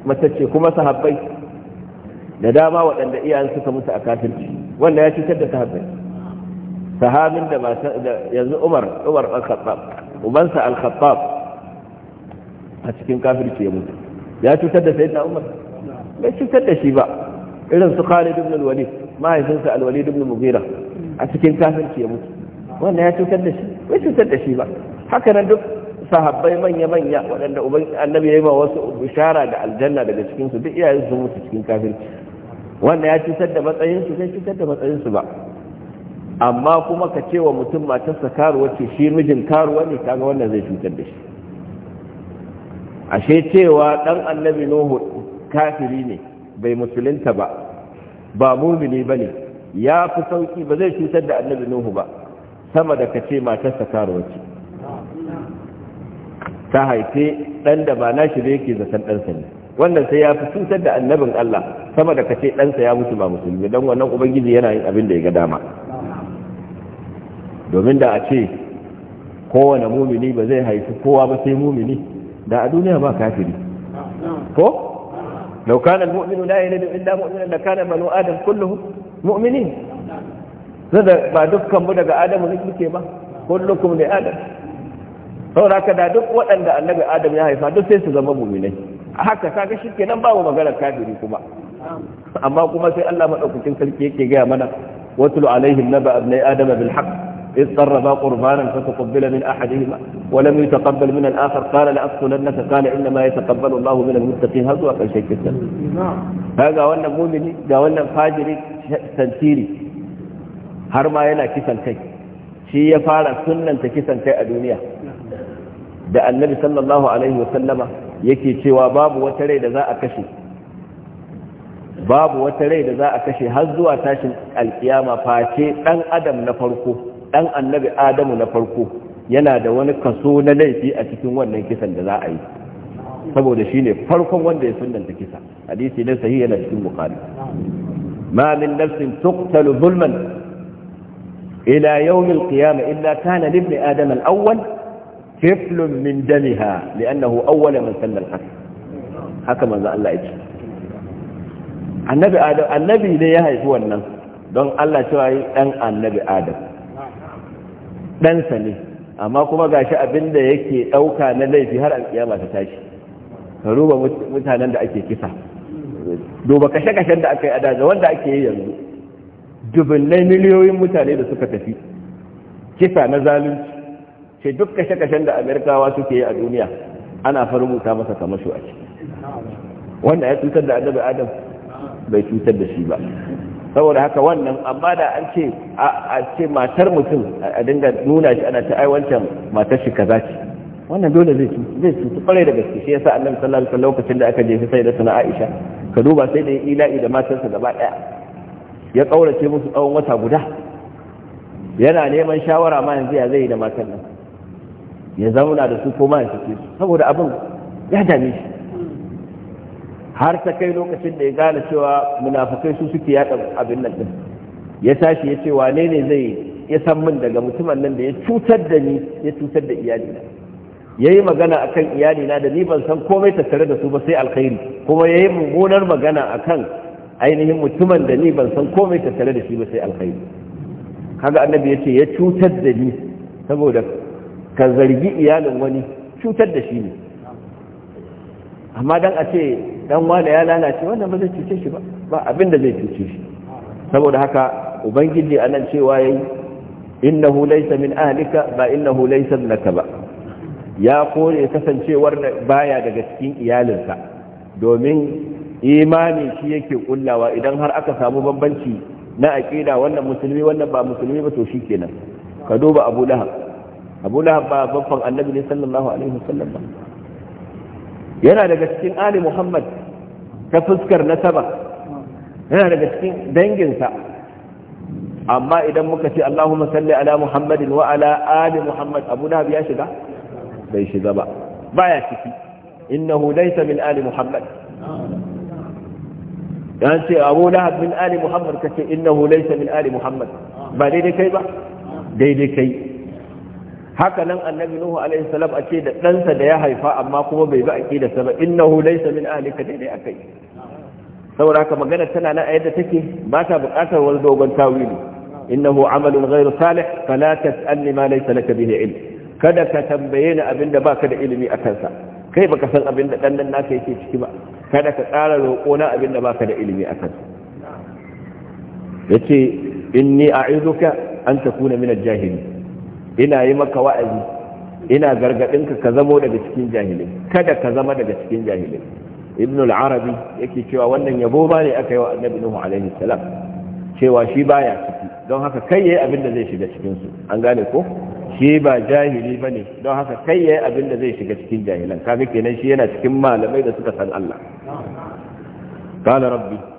matacce kuma sahabbai da dama waɗanda iyayen suka mutu a kafirci wanda ya cutar da sahabbai sahabin da yanzu Umar Umar al-Khattab ubansa al-Khattab a cikin kafirci ya mutu ya cutar da sayyidina umar bai cutar da shi ba irin su khalid ibn al-walid mahaifinsa al-walid ibn mughira a cikin kafirci ya mutu wannan ya cutar da shi bai cutar da shi ba haka nan duk sahabbai manya-manya waɗanda uban annabi ya yi ba wasu bishara da aljanna daga cikin su duk iyayen su mutu cikin kafirci wanda ya cutar da matsayin su sai cutar da matsayin su ba amma kuma ka ce wa mutum matarsa karuwa ce shi mijin karuwa ne kaga wannan zai cutar da shi ashe cewa dan annabi nuhu kafiri ne bai musulunta ba ba mumini bane ya fi sauki ba zai cutar da annabi nuhu ba sama da kace matarsa karuwa ce ta haife dan da ba nashi da yake zaton sa ne wannan sai ya fi cutar da annabin Allah sama da kace sa ya mutu ba musulmi dan wannan ubangiji yana yin abin da ya ga dama domin da a ce kowane mumini ba zai haifi kowa ba sai mumini da a duniya ba kafiri ko لو كان المؤمن لا يلد إلا مؤمنا لكان بنو آدم كلهم مؤمنين هذا ما دكم بدك آدم ونجمك ما كلكم لآدم saboda sauraka da duk waɗanda annabi adam ya haifa duk sai su zama muminai a haka kaga shi kenan babu magana kafiri kuma amma kuma sai Allah madaukakin sarki yake gaya mana watlu alaihim naba abnai adama bil haqq إذ قربا قربانا فتقبل من أحدهما ولم يتقبل من الآخر قال لأقتلنك قال إنما يتقبل الله من المتقين هذا أقل شيء كثير هذا وانا مؤمني دا وانا فاجري تنسيري har ma yana kisan kai shi ya fara sunanta kisan kai a duniya da annabi sallallahu alaihi wasallama yake cewa babu wata rai da za kashe babu wata rai da za a kashe har zuwa tashin alkiyama face ɗan adam na farko ɗan annabi adamu na farko yana da wani kaso na laifi a cikin wannan kisan da za a yi saboda shi ne farkon wanda ya sunanta kisa hadisi na sahi yana cikin bukari ma min nafsin tuqtalu zulman ila yawm al-qiyamah illa kana li ibn adam al-awwal kiflun min damiha li'annahu awwal man sallal al haka manzo Allah yake annabi adam annabi ne ya haifi wannan don Allah cewa dan annabi adam dan sa ne amma kuma ga shi abin da yake ɗauka na laifi har alkiyama ta tashi ka ruba mutanen da ake kisa duba kashe-kashen da aka yi a da wanda ake yi yanzu dubunnai miliyoyin mutane da suka tafi kisa na zalunci ce duk kashe-kashen da amerikawa suke yi a duniya ana farmuta masa kamasho a ciki wanda ya cutar da adam bai cutar da shi ba saboda haka wannan amma da an ce a ce matar mutum a dinga nuna shi ana ta ai wancan matar shi kaza ce wannan dole zai cutu zai cutu kwarai da gaske shi yasa annabi sallallahu alaihi wasallam lokacin da aka jefi sai da sana Aisha ka duba sai da ila'i da matarsa gaba daya ya kaurace musu tsawon wata guda yana neman shawara ma yanzu ya zai da matar nan ya zauna da su ko ma ya saboda abin ya dame shi har ta kai lokacin da ya gane cewa munafukai su suke yaɗa abin nan din ya tashi ya ce wane ne zai ya san min daga mutumin nan da ya cutar da ni ya cutar da iyalina ya yi magana a kan iyalina da ni ban san komai tattare da su ba sai alkhairi kuma ya yi mummunar magana a kan ainihin mutumin da ni ban san komai tattare da shi ba sai alkhairi kaga annabi ya ce ya cutar da ni saboda ka zargi iyalin wani cutar da shi ne amma dan a ce dan wanda ya lalace wannan ba zai cuce shi ba ba abinda zai cuce shi saboda haka ubangiji anan cewa yayi innahu laysa min ahlika ba innahu laysa laka ba ya kore kasancewar baya daga cikin iyalinka domin imani shi yake kullawa idan har aka samu bambanci na aqida wannan musulmi wannan ba musulmi ba to shikenan ka duba Abu Lahab Abu Lahab ba babban annabi ne sallallahu alaihi wasallam ba yana daga cikin ali Muhammad ta fuskar nasaba yana daga cikin danginsa amma idan muka ce Allahumma salli ala Muhammadin wa ala ali Muhammad Abu Lahab ya shiga bai shiga ba baya ciki innahu laysa min ali Muhammad dan ce Abu Lahab min ali Muhammad kace innahu laysa min ali Muhammad ba daidai kai ba daidai kai haka nan annabi nuhu alaihi salam a ce da ɗansa da ya haifa amma kuma bai bi aqida sa ba innahu laysa min ahlika dai akai saboda haka magana tana nan a yadda take ba ta buƙatar wani dogon tawili innahu amalun ghairu salih fala tas'alni ma laysa laka bihi ilm kada ka tambaye ni abinda baka da ilimi a kansa kai baka san abinda dan nan naka yake ciki ba kada ka tsara roƙo na abinda baka da ilimi a kansa yace inni a'idhuka an takuna min al-jahilin ina yi maka wa'azi ina gargadinka ka zamo daga cikin jahilai kada ka zama daga cikin jahilai ibn al-arabi yake cewa wannan yabo ba ne aka yi wa annabi nuhu alaihi salam cewa shi baya ciki don haka kai yayi abin da zai shiga cikin su an gane ko shi ba jahili bane don haka kai yayi abin da zai shiga cikin jahilan kaga kenan shi yana cikin malamai da suka san Allah qala rabbi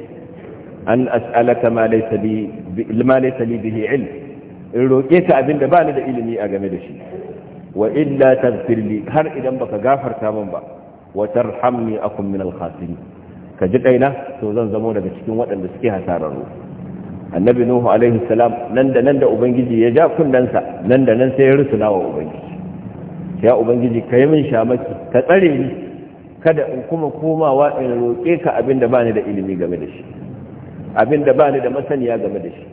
an as'alaka ma laysa li ma bihi ilm in roke ka abinda ba ni da ilimi a game da shi wa illa taghfir li har idan baka gafarta min ba wa tarhamni akum min al-khasirin ka ji kaina to zan zamo daga cikin waɗanda suke hasararru annabi nuhu alaihi salam nan da nan da ubangiji ya ja kunnensa nan da nan sai ya rusuna wa ubangiji ya ubangiji ka yi min shamaki ka tsare ni kada in kuma komawa in roƙe ka abin da bani da ilimi game da shi abin da ba ni da masaniya game da shi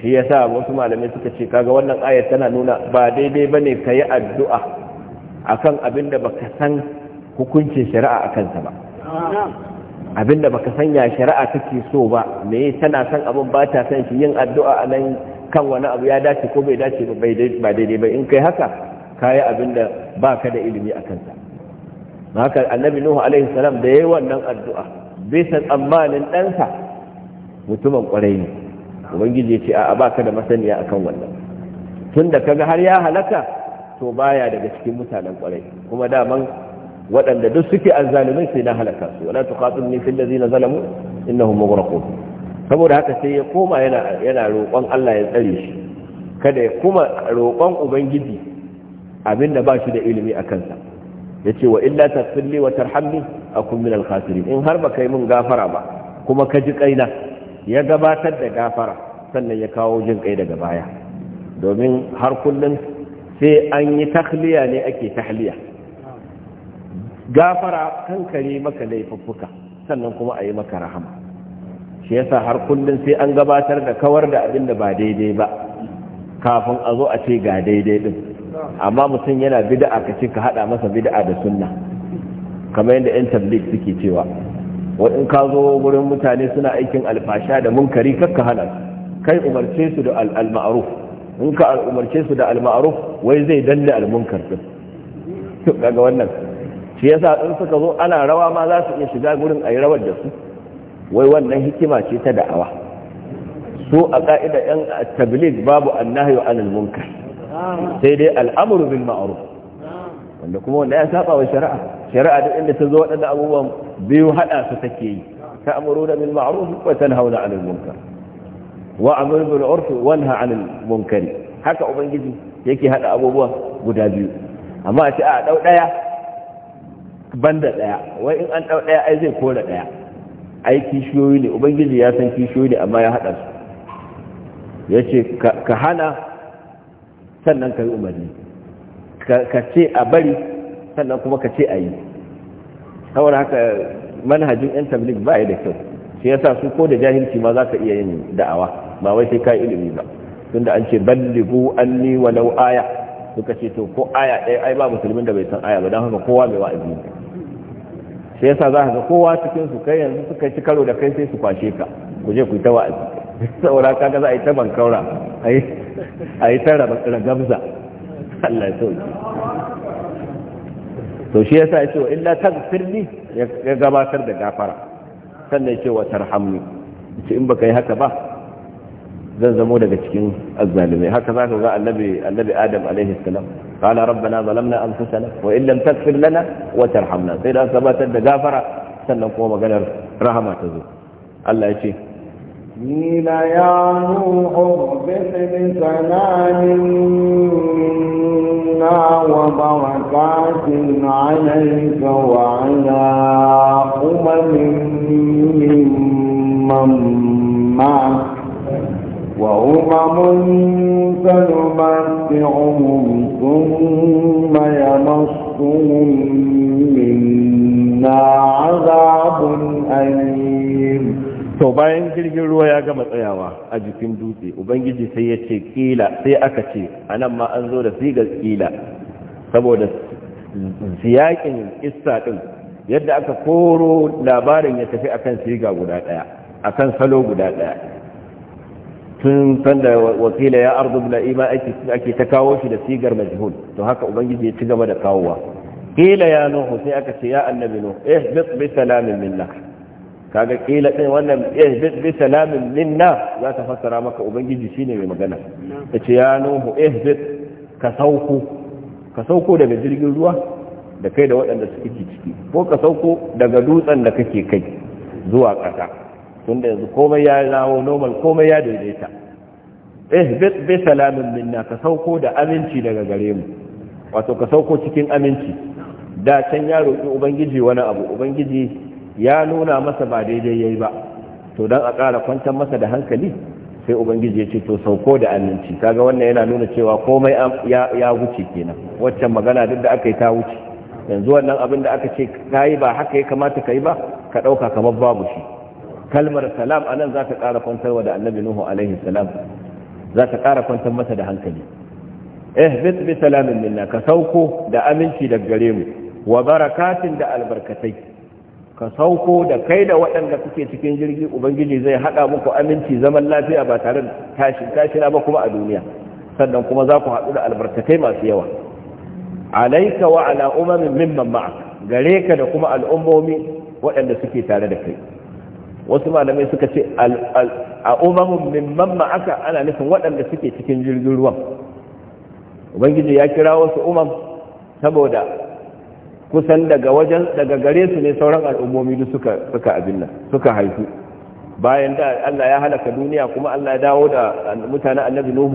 shi ya sa wasu malamai suka ce kaga wannan ayat tana nuna ba daidai ba ne ka yi addu'a a kan abin da baka san hukuncin shari'a a kansa ba abin da baka sanya shari'a take so ba me tana son abin ba ta son shi yin addu'a a nan kan wani abu ya dace ko bai dace ba daidai ba in kai haka ka yi abin da ba ka da ilimi a kansa haka annabi nuhu alaihi salam da ya yi wannan addu'a bisa tsammanin ɗansa mutumin kwarai ne ubangiji ya ce a baka da masaniya kan wannan tun da kaga har ya halaka to baya daga cikin mutanen kwarai kuma daman waɗanda duk suke azzalumai sai na halaka su wala tuqatilni fil ladzina zalamu innahum mughraqun saboda haka sai ya koma yana yana roƙon Allah ya tsare shi kada ya kuma roƙon ubangiji abinda ba shi da ilimi a kansa yace wa illa tasfirli wa tarhamni akun min al-khasirin in har baka kai mun gafara ba kuma ka ji kaina ya gabatar da gafara sannan ya kawo jin kai daga baya domin har kullum sai an yi tahliya ne ake tahliya gafara kankare maka laifuffuka sannan kuma a yi maka rahama shi yasa har kullum sai an gabatar da kawar da abin da ba daidai ba kafin a zo a ce ga daidai din amma mutum yana bid'a ka ce ka hada masa bid'a da sunna kamar yadda 'yan tablik suke cewa wa ka zo wurin mutane suna aikin alfasha da munkari kakka hana kai umarce su da al-ma'ruf in ka umarce su da al-ma'ruf wai zai danne al-munkar din to kaga wannan shi yasa in suka zo ana rawa ma za su iya shiga gurin yi rawar da su wai wannan hikima ce ta da'awa su a ka'ida yan tabligh babu annahyu anil munkar sai dai al'amru bil ma'ruf wanda kuma wanda ya saba wa shari'a shari'a duk inda ta zo waɗannan abubuwan biyu haɗa su take yi da bil ma'ruf wa tanhauna 'anil munkar wa amuru bil urf wa nha 'anil munkar haka ubangiji yake haɗa abubuwa guda biyu amma a ce a dau daya banda daya wai in an dau daya ai zai kora daya ai kishiyoyi ne ubangiji ya san kishiyoyi ne amma ya haɗa su yace ka hana sannan ka yi umarni ka ce a bari sannan kuma ka ce a yi saboda haka manhajin yan tabligh ba ya da kyau shi yasa su ko da jahilci ma za ka iya yin da'awa ba wai sai ka ilimi ba tunda an ce ballighu anni walau aya suka ce to ko aya ɗaya ai ba musulmin da bai san aya ba dan haka kowa mai wa'azi ne sai yasa za ka kowa cikin su kai yanzu suka ci karo da kai sai su kwashe ka ku je ku yi ta wa'azi saboda kaga za a yi ta bankaura a yi ta ragamza Allah ya sauke to shi yasa ya ce wa illa tagfirli ya gabatar da gafara sannan ya ce wa tarhamni ce in baka yi haka ba zan zamo daga cikin azzalimai haka za ka ga annabi annabi adam alaihi salam qala rabbana zalamna anfusana wa in lam taghfir lana wa tarhamna sai da sabatar da gafara sannan kuma maganar rahama ta zo Allah ya ce قيل يا نوح اهبط بسلام منا وبركات عليك وعلى أمم ممن معك وأمم سنمتعهم ثم يمصهم منا to bayan jirgin ruwa ya gama tsayawa a jikin dutse ubangiji sai ya ce kila sai aka ce a nan ma an zo da sigar kila saboda siyakin issa ɗin yadda aka koro labarin ya tafi akan siga guda ɗaya akan salo guda ɗaya tun sanda wakila ya arzu bila ima ake ta kawo shi da sigar majhul to haka ubangiji ya ci gaba da kawowa kila ya nuhu sai aka ce ya annabi nuhu eh bi salamin minna kaga kila din wannan eh, bi salamin minna za ta fassara maka ubangiji shine mai magana yace ya nuhu ihbit ka sauko ka sauko daga jirgin ruwa da kai da waɗanda suke ciki ko ka sauko daga dutsen da kake kai zuwa ƙasa tunda yanzu komai ya dawo normal komai ya daidaita ihbit bi salamin minna ka sauko da aminci daga gare mu wato ka sauko cikin aminci da can ya roki ubangiji wani abu ubangiji ya nuna masa ba daidai yayi ba to dan a ƙara kwantar masa da hankali sai ubangiji ya ce to sauko da aminci kaga wannan yana nuna cewa komai ya wuce kenan waccan magana duk da aka yi ta wuce yanzu wannan abin da aka ce yi ba haka ya kamata ka yi ba ka ɗauka kamar babu shi kalmar salam a nan za ka ƙara kwantarwa da annabi nuhu alaihi salam za ka ƙara kwantar masa da hankali eh bi salamin minna ka sauko da aminci daga gare mu wa barakatin da albarkatai ka sauko da kai da waɗanda suke cikin jirgi ubangiji zai haɗa muku aminci zaman lafiya ba tare da tashi ba kuma a duniya sannan kuma za ku haɗu da albarkatai masu yawa alaika wa ala umamin mimman ma'a gare ka da kuma al'ummomi waɗanda suke tare da kai wasu malamai suka ce a umamin mimman ma'aka ana nufin waɗanda suke cikin jirgin ruwan ubangiji ya kira wasu umam saboda kusan daga wajen daga gare su ne sauran al'ummomi duk suka suka abin nan suka haifu bayan da Allah ya halaka duniya kuma Allah ya dawo da mutanen annabi Nuhu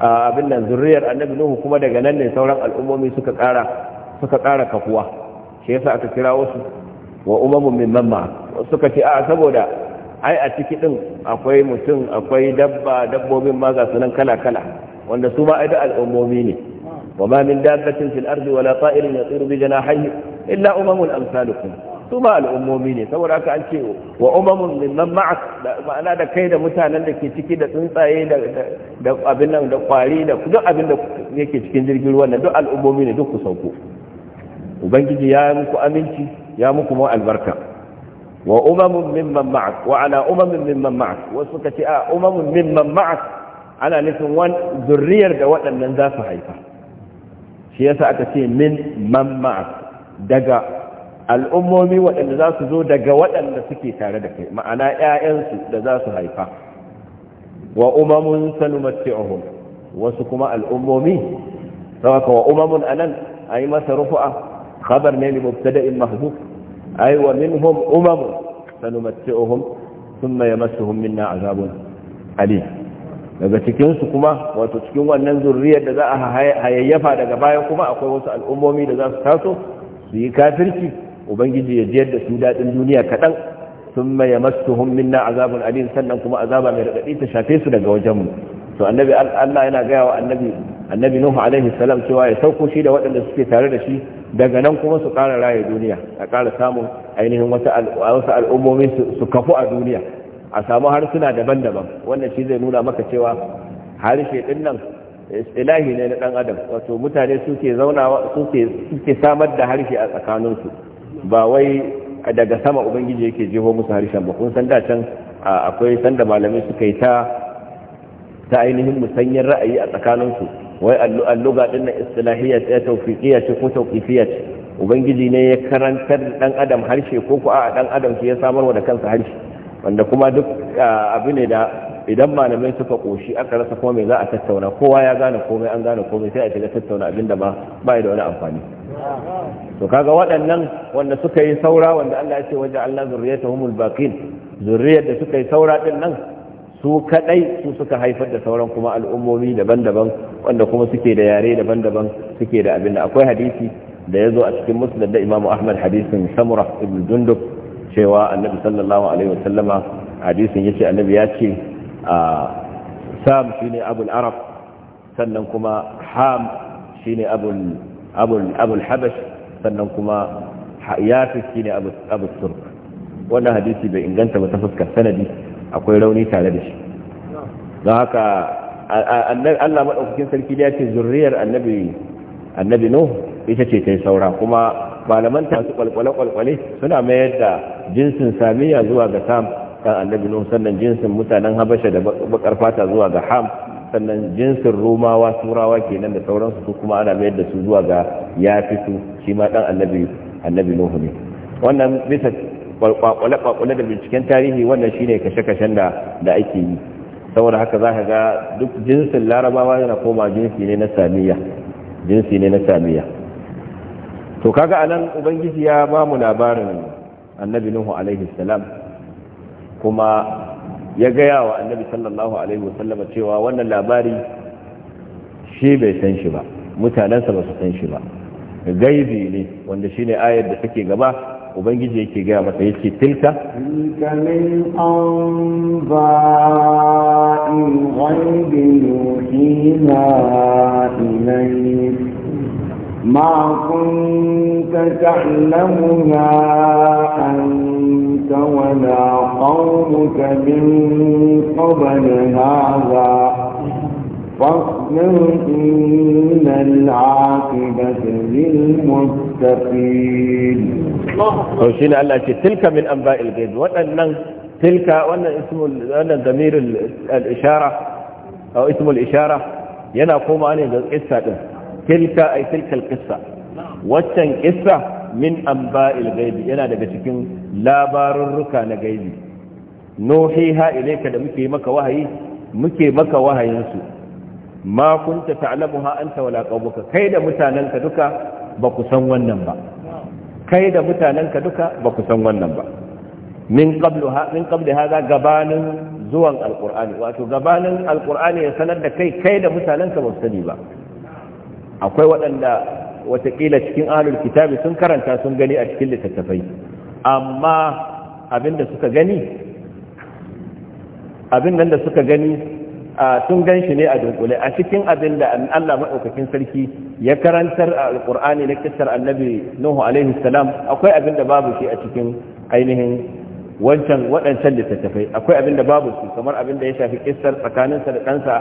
abin nan zuriyar annabi Nuhu kuma daga nan ne sauran al'ummomi suka ƙara suka ƙara kafuwa shi yasa aka kira wasu wa umamun min mamma suka ce a saboda ai a ciki din akwai mutum akwai dabba dabbobin ma ga sunan kala kala wanda su ma ai da al'ummomi ne وما من دابة في الأرض ولا طائر يطير بجناحيه إلا أمم أمثالكم ثم الأمومين سورة أن شيء وأمم ممن معك أنا da kai da mutanen da ke ciki da tsuntsaye da abin da kwari da duk abin da yake cikin jirgin ruwan nan duk al'ummomi ne duk ku sauko ubangiji ya muku aminci ya muku mu albarka wa umamun mimman ma'ak wa ala umamin mimman ma'ak wasu ka ce a umamun mimman ma'ak ana nufin wan zurriyar da waɗannan za su haifa shi yasa aka ce min man daga al'ummomi waɗanda za su zo daga waɗanda suke tare da kai ma'ana 'ya'yansu da za su haifa wa umamun sanumatti'uhum wasu kuma al'ummomi saboda wa umamun anan yi masa rufu'a khabar ne mafi li mubtada'in a yi wa min hum umamun sun sanumatti'uhum masu yamassuhum minna 'adhabun alim daga cikinsu kuma wato cikin wannan zurriyar da za a hayayyafa daga baya kuma akwai wasu al'ummomi da za su taso su yi kafirci ubangiji ya jiyar da su daɗin duniya kaɗan sun maye masu na azabin alim sannan kuma azaba mai raɗaɗi ta shafe su daga wajenmu to annabi allah yana gaya wa annabi annabi nuhu alaihi salam cewa ya sauko shi da waɗanda suke tare da shi daga nan kuma su ƙara raya duniya a ƙara samun ainihin wasu al'ummomi su kafu a duniya a samu harsuna daban-daban wannan shi zai nuna maka cewa harshe din nan ilahi ne na dan adam wato mutane suke zauna suke suke samar da harshe a tsakaninsu ba wai daga sama ubangiji yake jeho musu harshen ba kun san da can akwai sanda malamai suka yi ta ta ainihin musanyar ra'ayi a tsakaninsu wai alluga din nan istilahiyya ta tawfiqiyya ce ko tawqifiyya ce ubangiji ne ya karantar dan adam harshe ko kuwa a dan adam shi ya samarwa da kansa harshe wanda kuma duk abu ne da idan malamai suka koshi aka rasa kuma mai za a tattauna kowa ya gane komai an gane komai sai a shiga tattauna abin da ba ba da wani amfani to kaga waɗannan wanda suka yi saura wanda Allah ya ce waje Allah humul baqin zurriyar da suka yi saura din nan su kadai su suka haifar da sauran kuma al'ummomi daban-daban wanda kuma suke da yare daban-daban suke da abin da akwai hadisi da ya zo a cikin musnad da Imam Ahmad hadisin Samurah ibn Dundub cewa annabi sallallahu alaihi wasallama hadisin yace annabi ya ce sam shine abul arab sannan kuma ham shine abul abul abul habash sannan kuma yafi shine abul abul turk wannan hadisi bai inganta ba ta fuskar sanadi akwai rauni tare da shi don haka Allah sarki ya ce zurriyar annabi annabi ita ce ta yi saura kuma malaman ta su kwalkwale kwalkwale suna mayar da jinsin samiya zuwa ga sam kan annabi nuhu sannan jinsin mutanen habasha da bakar fata zuwa ga ham sannan jinsin romawa turawa kenan da sauransu su kuma ana mayar da su zuwa ga ya fito shi ma dan annabi annabi nuhu ne wannan bisa kwakwale-kwakwale da binciken tarihi wannan shine kashe-kashen da da ake yi saboda haka za ka ga duk jinsin larabawa yana koma jinsi ne na samiya jinsi ne na samiya to kaga anan ubangiji ya ba mu labarin annabi nuhu alaihi salam kuma ya gaya wa annabi sallallahu alaihi wasallam cewa wannan labari shi bai san shi ba mutanensa ba su san shi ba gaibi ne wanda shine ayar da take gaba ubangiji yake gaya masa yake tilka tilka ما كنت تعلمها أنت ولا قومك من قبل هذا فاصبر إن العاقبة للمتقين وشين الله تلك من أنباء الغيب وأن تلك وأن اسم وأن ضمير الإشارة أو اسم الإشارة ينقوم عليه عن القصة tilka ay tilka alqissa waccan qissa min anba'il ghaibi yana daga cikin labarurruka na gaibi nuhiha ilayka da muke maka wahayi muke maka wahayin su ma kunta ta'lamuha anta wala qaumuka kai da mutananka duka ba ku san wannan ba kai da mutananka duka ba ku san wannan ba min qablu ha min qabli hada gabanin zuwan alqur'ani wato gabanin alqur'ani ya sanar da kai kai da mutananka ba su sani ba akwai waɗanda watakila cikin ahlul kitabi sun karanta sun gani a cikin littattafai amma abinda suka gani abin nan da suka gani sun gan shi ne a dunkule a cikin abin da Allah maɗaukakin sarki ya karantar a alƙur'ani na kisar annabi nuhu alaihi salam akwai abin da babu shi a cikin ainihin wancan waɗancan littattafai akwai abin da babu shi kamar abin da ya shafi kisar tsakaninsa da ɗansa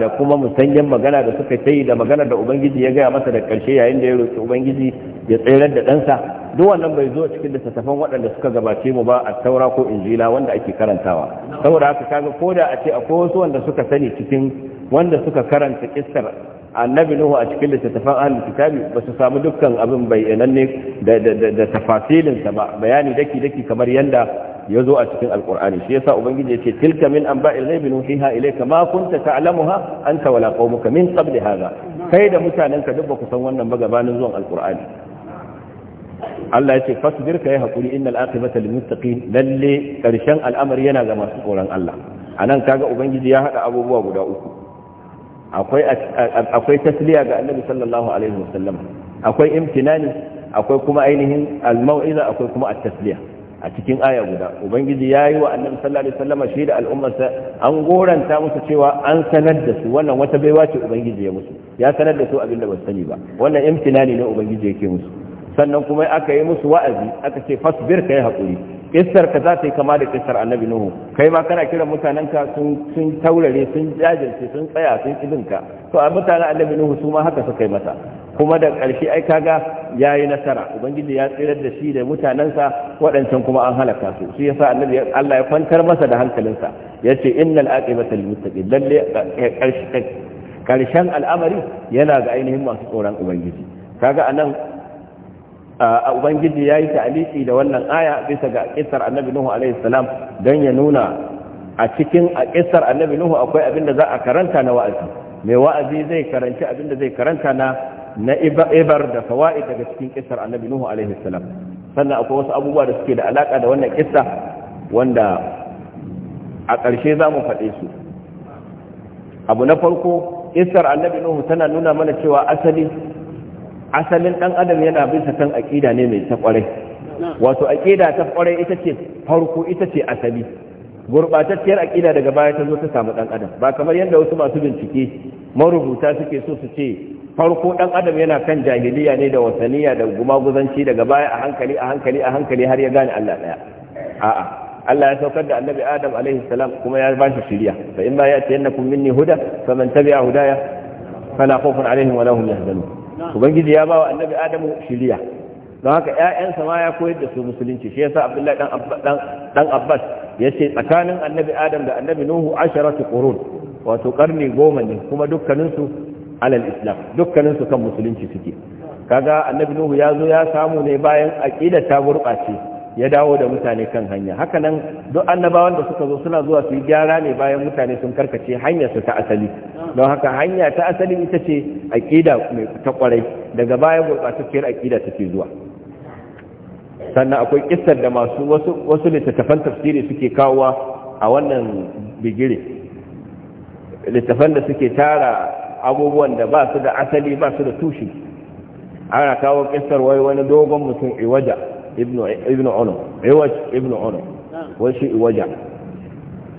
da kuma musanyen magana da suka yi da magana da ubangiji ya gaya masa da karshe yayin da ya roki ubangiji ya tsayar da ɗansa duk wannan bai zo cikin littattafan waɗanda suka gabace mu ba a taura ko injila wanda ake karantawa saboda haka kaga ko da a ce akwai wasu wanda suka sani cikin wanda suka karanta kissar annabi nuhu a cikin littattafan ahli kitabi ba su samu dukkan abin bayyananne da da tafasilinsa ba bayani daki daki kamar yadda. ya zo a cikin alkur'ani shi yasa ubangiji ya ce tilka min anba'il ghaibi nuhiha ilayka ma kunta ta'lamuha anta wala qaumuka min qabli hadha kai da mutanenka duk ba ku san wannan ba gabanin zuwan alkur'ani Allah yace fasbir kai hakuri innal aqibata lil muttaqin lalle karshen al'amari yana ga masu tsoron Allah anan kaga ubangiji ya hada abubuwa guda uku akwai akwai tasliya ga annabi sallallahu alaihi wasallam akwai imtinani akwai kuma ainihin al-mau'iza akwai kuma at-tasliya a cikin aya guda ubangiji ya yi wa annabi sallallahu alaihi wasallam shi da al'ummarsa an goranta musu cewa an sanar da su wannan wata baiwa ce ubangiji ya musu ya sanar da su abin da ba sani ba wannan imtinani ne ubangiji yake musu sannan kuma aka yi musu wa'azi aka ce fasbir kai hakuri kissar ka za ta yi kama da kissar annabi nuhu kai ma kana kiran mutanenka sun sun taurare sun jajirce sun tsaya sun ibinka to a mutanen annabi nuhu su ma haka suka yi masa kuma da ƙarshe ai kaga yayi nasara ubangiji ya tsirar da shi da mutanansa waɗancan kuma an halaka su shi yasa annabi Allah ya kwantar masa da hankalinsa yace innal aqibata lil muttaqin lalle karshen eh, eh, al'amari yana ga ainihin masu tsoron ubangiji kaga anan ubangiji yayi ta'aliki da wannan aya bisa ga kissar annabi nuhu alaihi salam dan ya nuna a cikin kissar annabi nuhu akwai abin za a karanta na wa'azi mai wa'azi zai karanci abinda zai karanta na na ibar da fawaid daga cikin kissar annabi nuhu alaihi salam sannan akwai wasu abubuwa da suke da alaka da wannan kissa wanda a ƙarshe za mu faɗe su abu na farko kissar annabi nuhu tana nuna mana cewa asali asalin dan adam yana bisa kan aqida ne mai ta kwarai wato aqida ta ita ce farko ita ce asali gurbatacciyar aqida daga baya ta zo ta samu dan adam ba kamar yadda wasu masu bincike marubuta suke so su ce farko dan adam yana kan jahiliya ne da wasaniya da gumaguzanci daga baya a hankali a hankali a hankali har ya gane Allah daya a'a Allah ya saukar da annabi Adam alaihi salam kuma ya ba shi shiriya fa in ba ya tayanna kun minni huda faman tabi'a hudaya fala khawfun alaihim wala hum yahzanun ubangiji ya ba wa annabi Adam shiriya don haka ƴaƴansa ma ya koyar da su musulunci shi yasa Abdullahi dan dan dan Abbas yace tsakanin annabi Adam da annabi Nuhu asharatu qurun wato karni goma ne kuma dukkaninsu alal islam dukkanin su kan musulunci suke kaga annabi nuhu ya zo ya samu ne bayan aqida ta gurbace ya dawo da mutane kan hanya haka nan duk annabawan da suka zo suna zuwa su yi gyara ne bayan mutane sun karkace hanya su ta asali don haka hanya ta asali ita ce aqida mai ta kwarai daga baya gurbatacciyar aqida take zuwa sannan akwai kissar da masu wasu wasu littattafan tafsiri suke kawowa a wannan bigire littattafan da suke tara abubuwan da ba su da asali ba su da tushe ana kawo kisar wai wani dogon mutum iwaja ibn ono iwaj ibn ono wai shi iwaja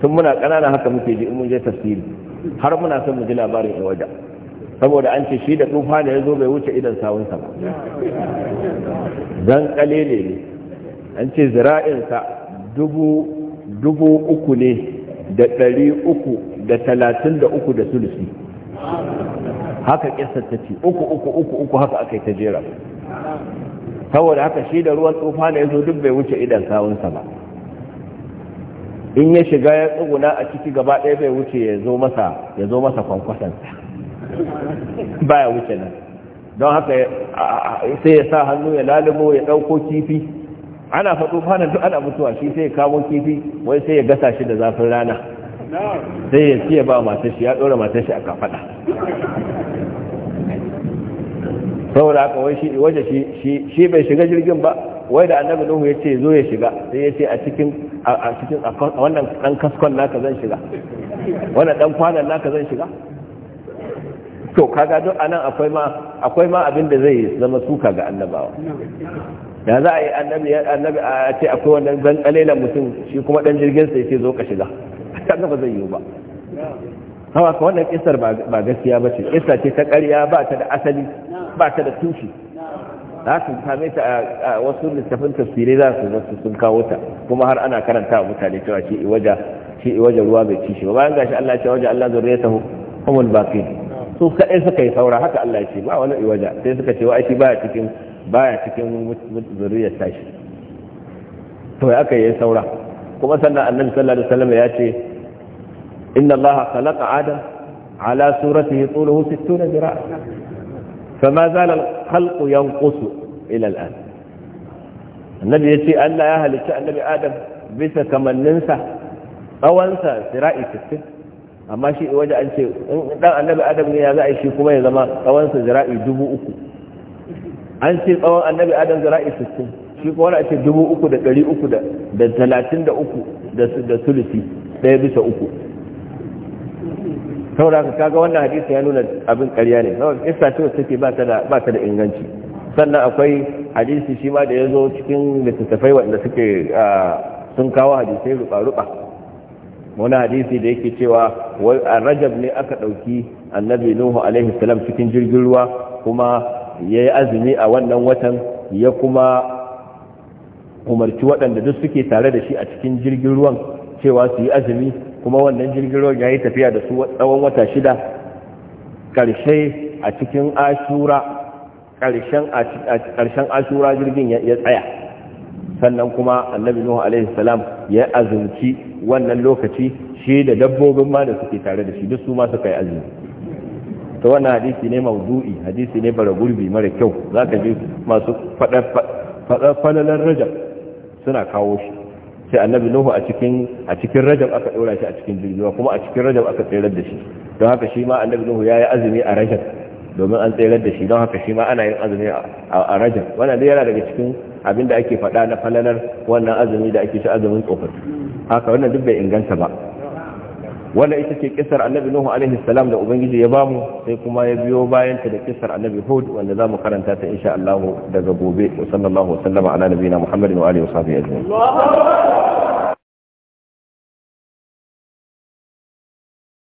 tun muna ƙanana haka muke ji in mun je tafsiri har muna son mu ji labarin iwaja saboda an ce shi da tsufa da ya zo bai wuce idan sawun sa dan kalele ne an ce zira'insa dubu uku ne da ɗari uku da talatin da uku da sulusi haka kissar ta ce uku uku uku uku haka aka yi ta jera saboda haka shi da ruwan tsufa ne ya zo duk bai wuce idan sawunsa ba in ya shiga ya tsuguna a ciki gaba ɗaya bai wuce ya zo masa ya ba ya wuce nan don haka sai ya sa hannu ya lalubo ya ɗauko kifi ana faɗo fanan duk ana mutuwa shi sai ya kamo kifi wai sai ya gasa shi da zafin rana sai ya ce ba matar shi ya ɗora matashi shi a kafaɗa saboda aka wai shi waje shi bai shiga jirgin ba wai da annabi nuhu ya ce zo ya shiga sai ya ce a cikin a cikin wannan dan kaskon naka zan shiga wannan dan kwanan naka zan shiga to kaga duk anan akwai ma akwai ma abin da zai zama suka ga annabawa da za a yi annabi a ce akwai wannan zan kalelan mutum shi kuma dan jirgin sai ya ce zo ka shiga ta ba zai yiwu ba hawa ka wannan kisar ba gaskiya ba ce kisa ce ta ƙarya ba ta da asali ba ta da tushe za su same ta a wasu littafin tafsirai za su zasu sun kawo ta kuma har ana karanta wa mutane cewa shi iwaja shi iwaja ruwa bai ci shi ba bayan gashi Allah ce waje Allah zurriyatahu humul baqin su kadai suka yi saura haka Allah ya ce ba wani iwaja sai suka ce wa shi baya cikin baya cikin zuriyar tashi to ya aka yi saura kuma sannan annabi sallallahu alaihi wasallam ya ce inna allaha khalaqa adam ala suratihi tuluhu 60 zira'a fama zala al-khalq yanqusu ila al-an annabi yace Allah ya halitta annabi adam bisa kamanninsa tsawonsa zira'i 60 amma shi waje an ce in dan annabi adam ne ya za a yi kuma ya zama tsawonsa zira'i 3000 an ce tsawon annabi adam zira'i 60 shi kuma wani a ce 3333 da 33 da ɗaya bisa uku saboda haka kaga wannan hadisi ya nuna abin ƙarya ne saboda kissa ce wacce take ba ta da inganci sannan akwai hadisi shi ma da ya zo cikin littattafai wanda suke sun kawo hadisai ruba-ruba wani hadisi da yake cewa a rajab ne aka ɗauki annabi nuhu alaihi salam cikin jirgin ruwa kuma ya yi azumi a wannan watan ya kuma umarci waɗanda duk suke tare da shi a cikin jirgin ruwan cewa su yi azumi kuma wannan jirgin ruwan ya yi tafiya da su tsawon wata shida ƙarshe a cikin ashura ƙarshen ashura jirgin ya tsaya sannan kuma annabi nuhu alaihi salam ya azumci wannan lokaci shi da dabbobin ma da suke tare da shi duk su ma suka yi azumi ta wannan hadisi ne maudu'i hadisi ne bara gurbi mara kyau za ka ji masu faɗaɗɗen rajab suna kawo shi sai annabi nuhu a cikin a cikin rajab aka dora shi a cikin jirgiwa kuma a cikin rajab aka tsayar da shi don haka shi ma annabi nuhu yayi azumi a rajab domin an tsayar da shi don haka shi ma ana yin azumi a rajab wannan dai yana daga cikin abin da ake faɗa na falalar wannan azumi da ake shi azumin tsofaffi haka wannan duk bai inganta ba wannan ita ce kisar annabi nuhu alaihi salam da ubangiji ya bamu sai kuma ya biyo bayan ta da kisar annabi hud wanda zamu karanta ta insha Allah daga gobe sallallahu alaihi wa sallama ala nabiyina muhammadin wa alihi wa sahbihi ajma'in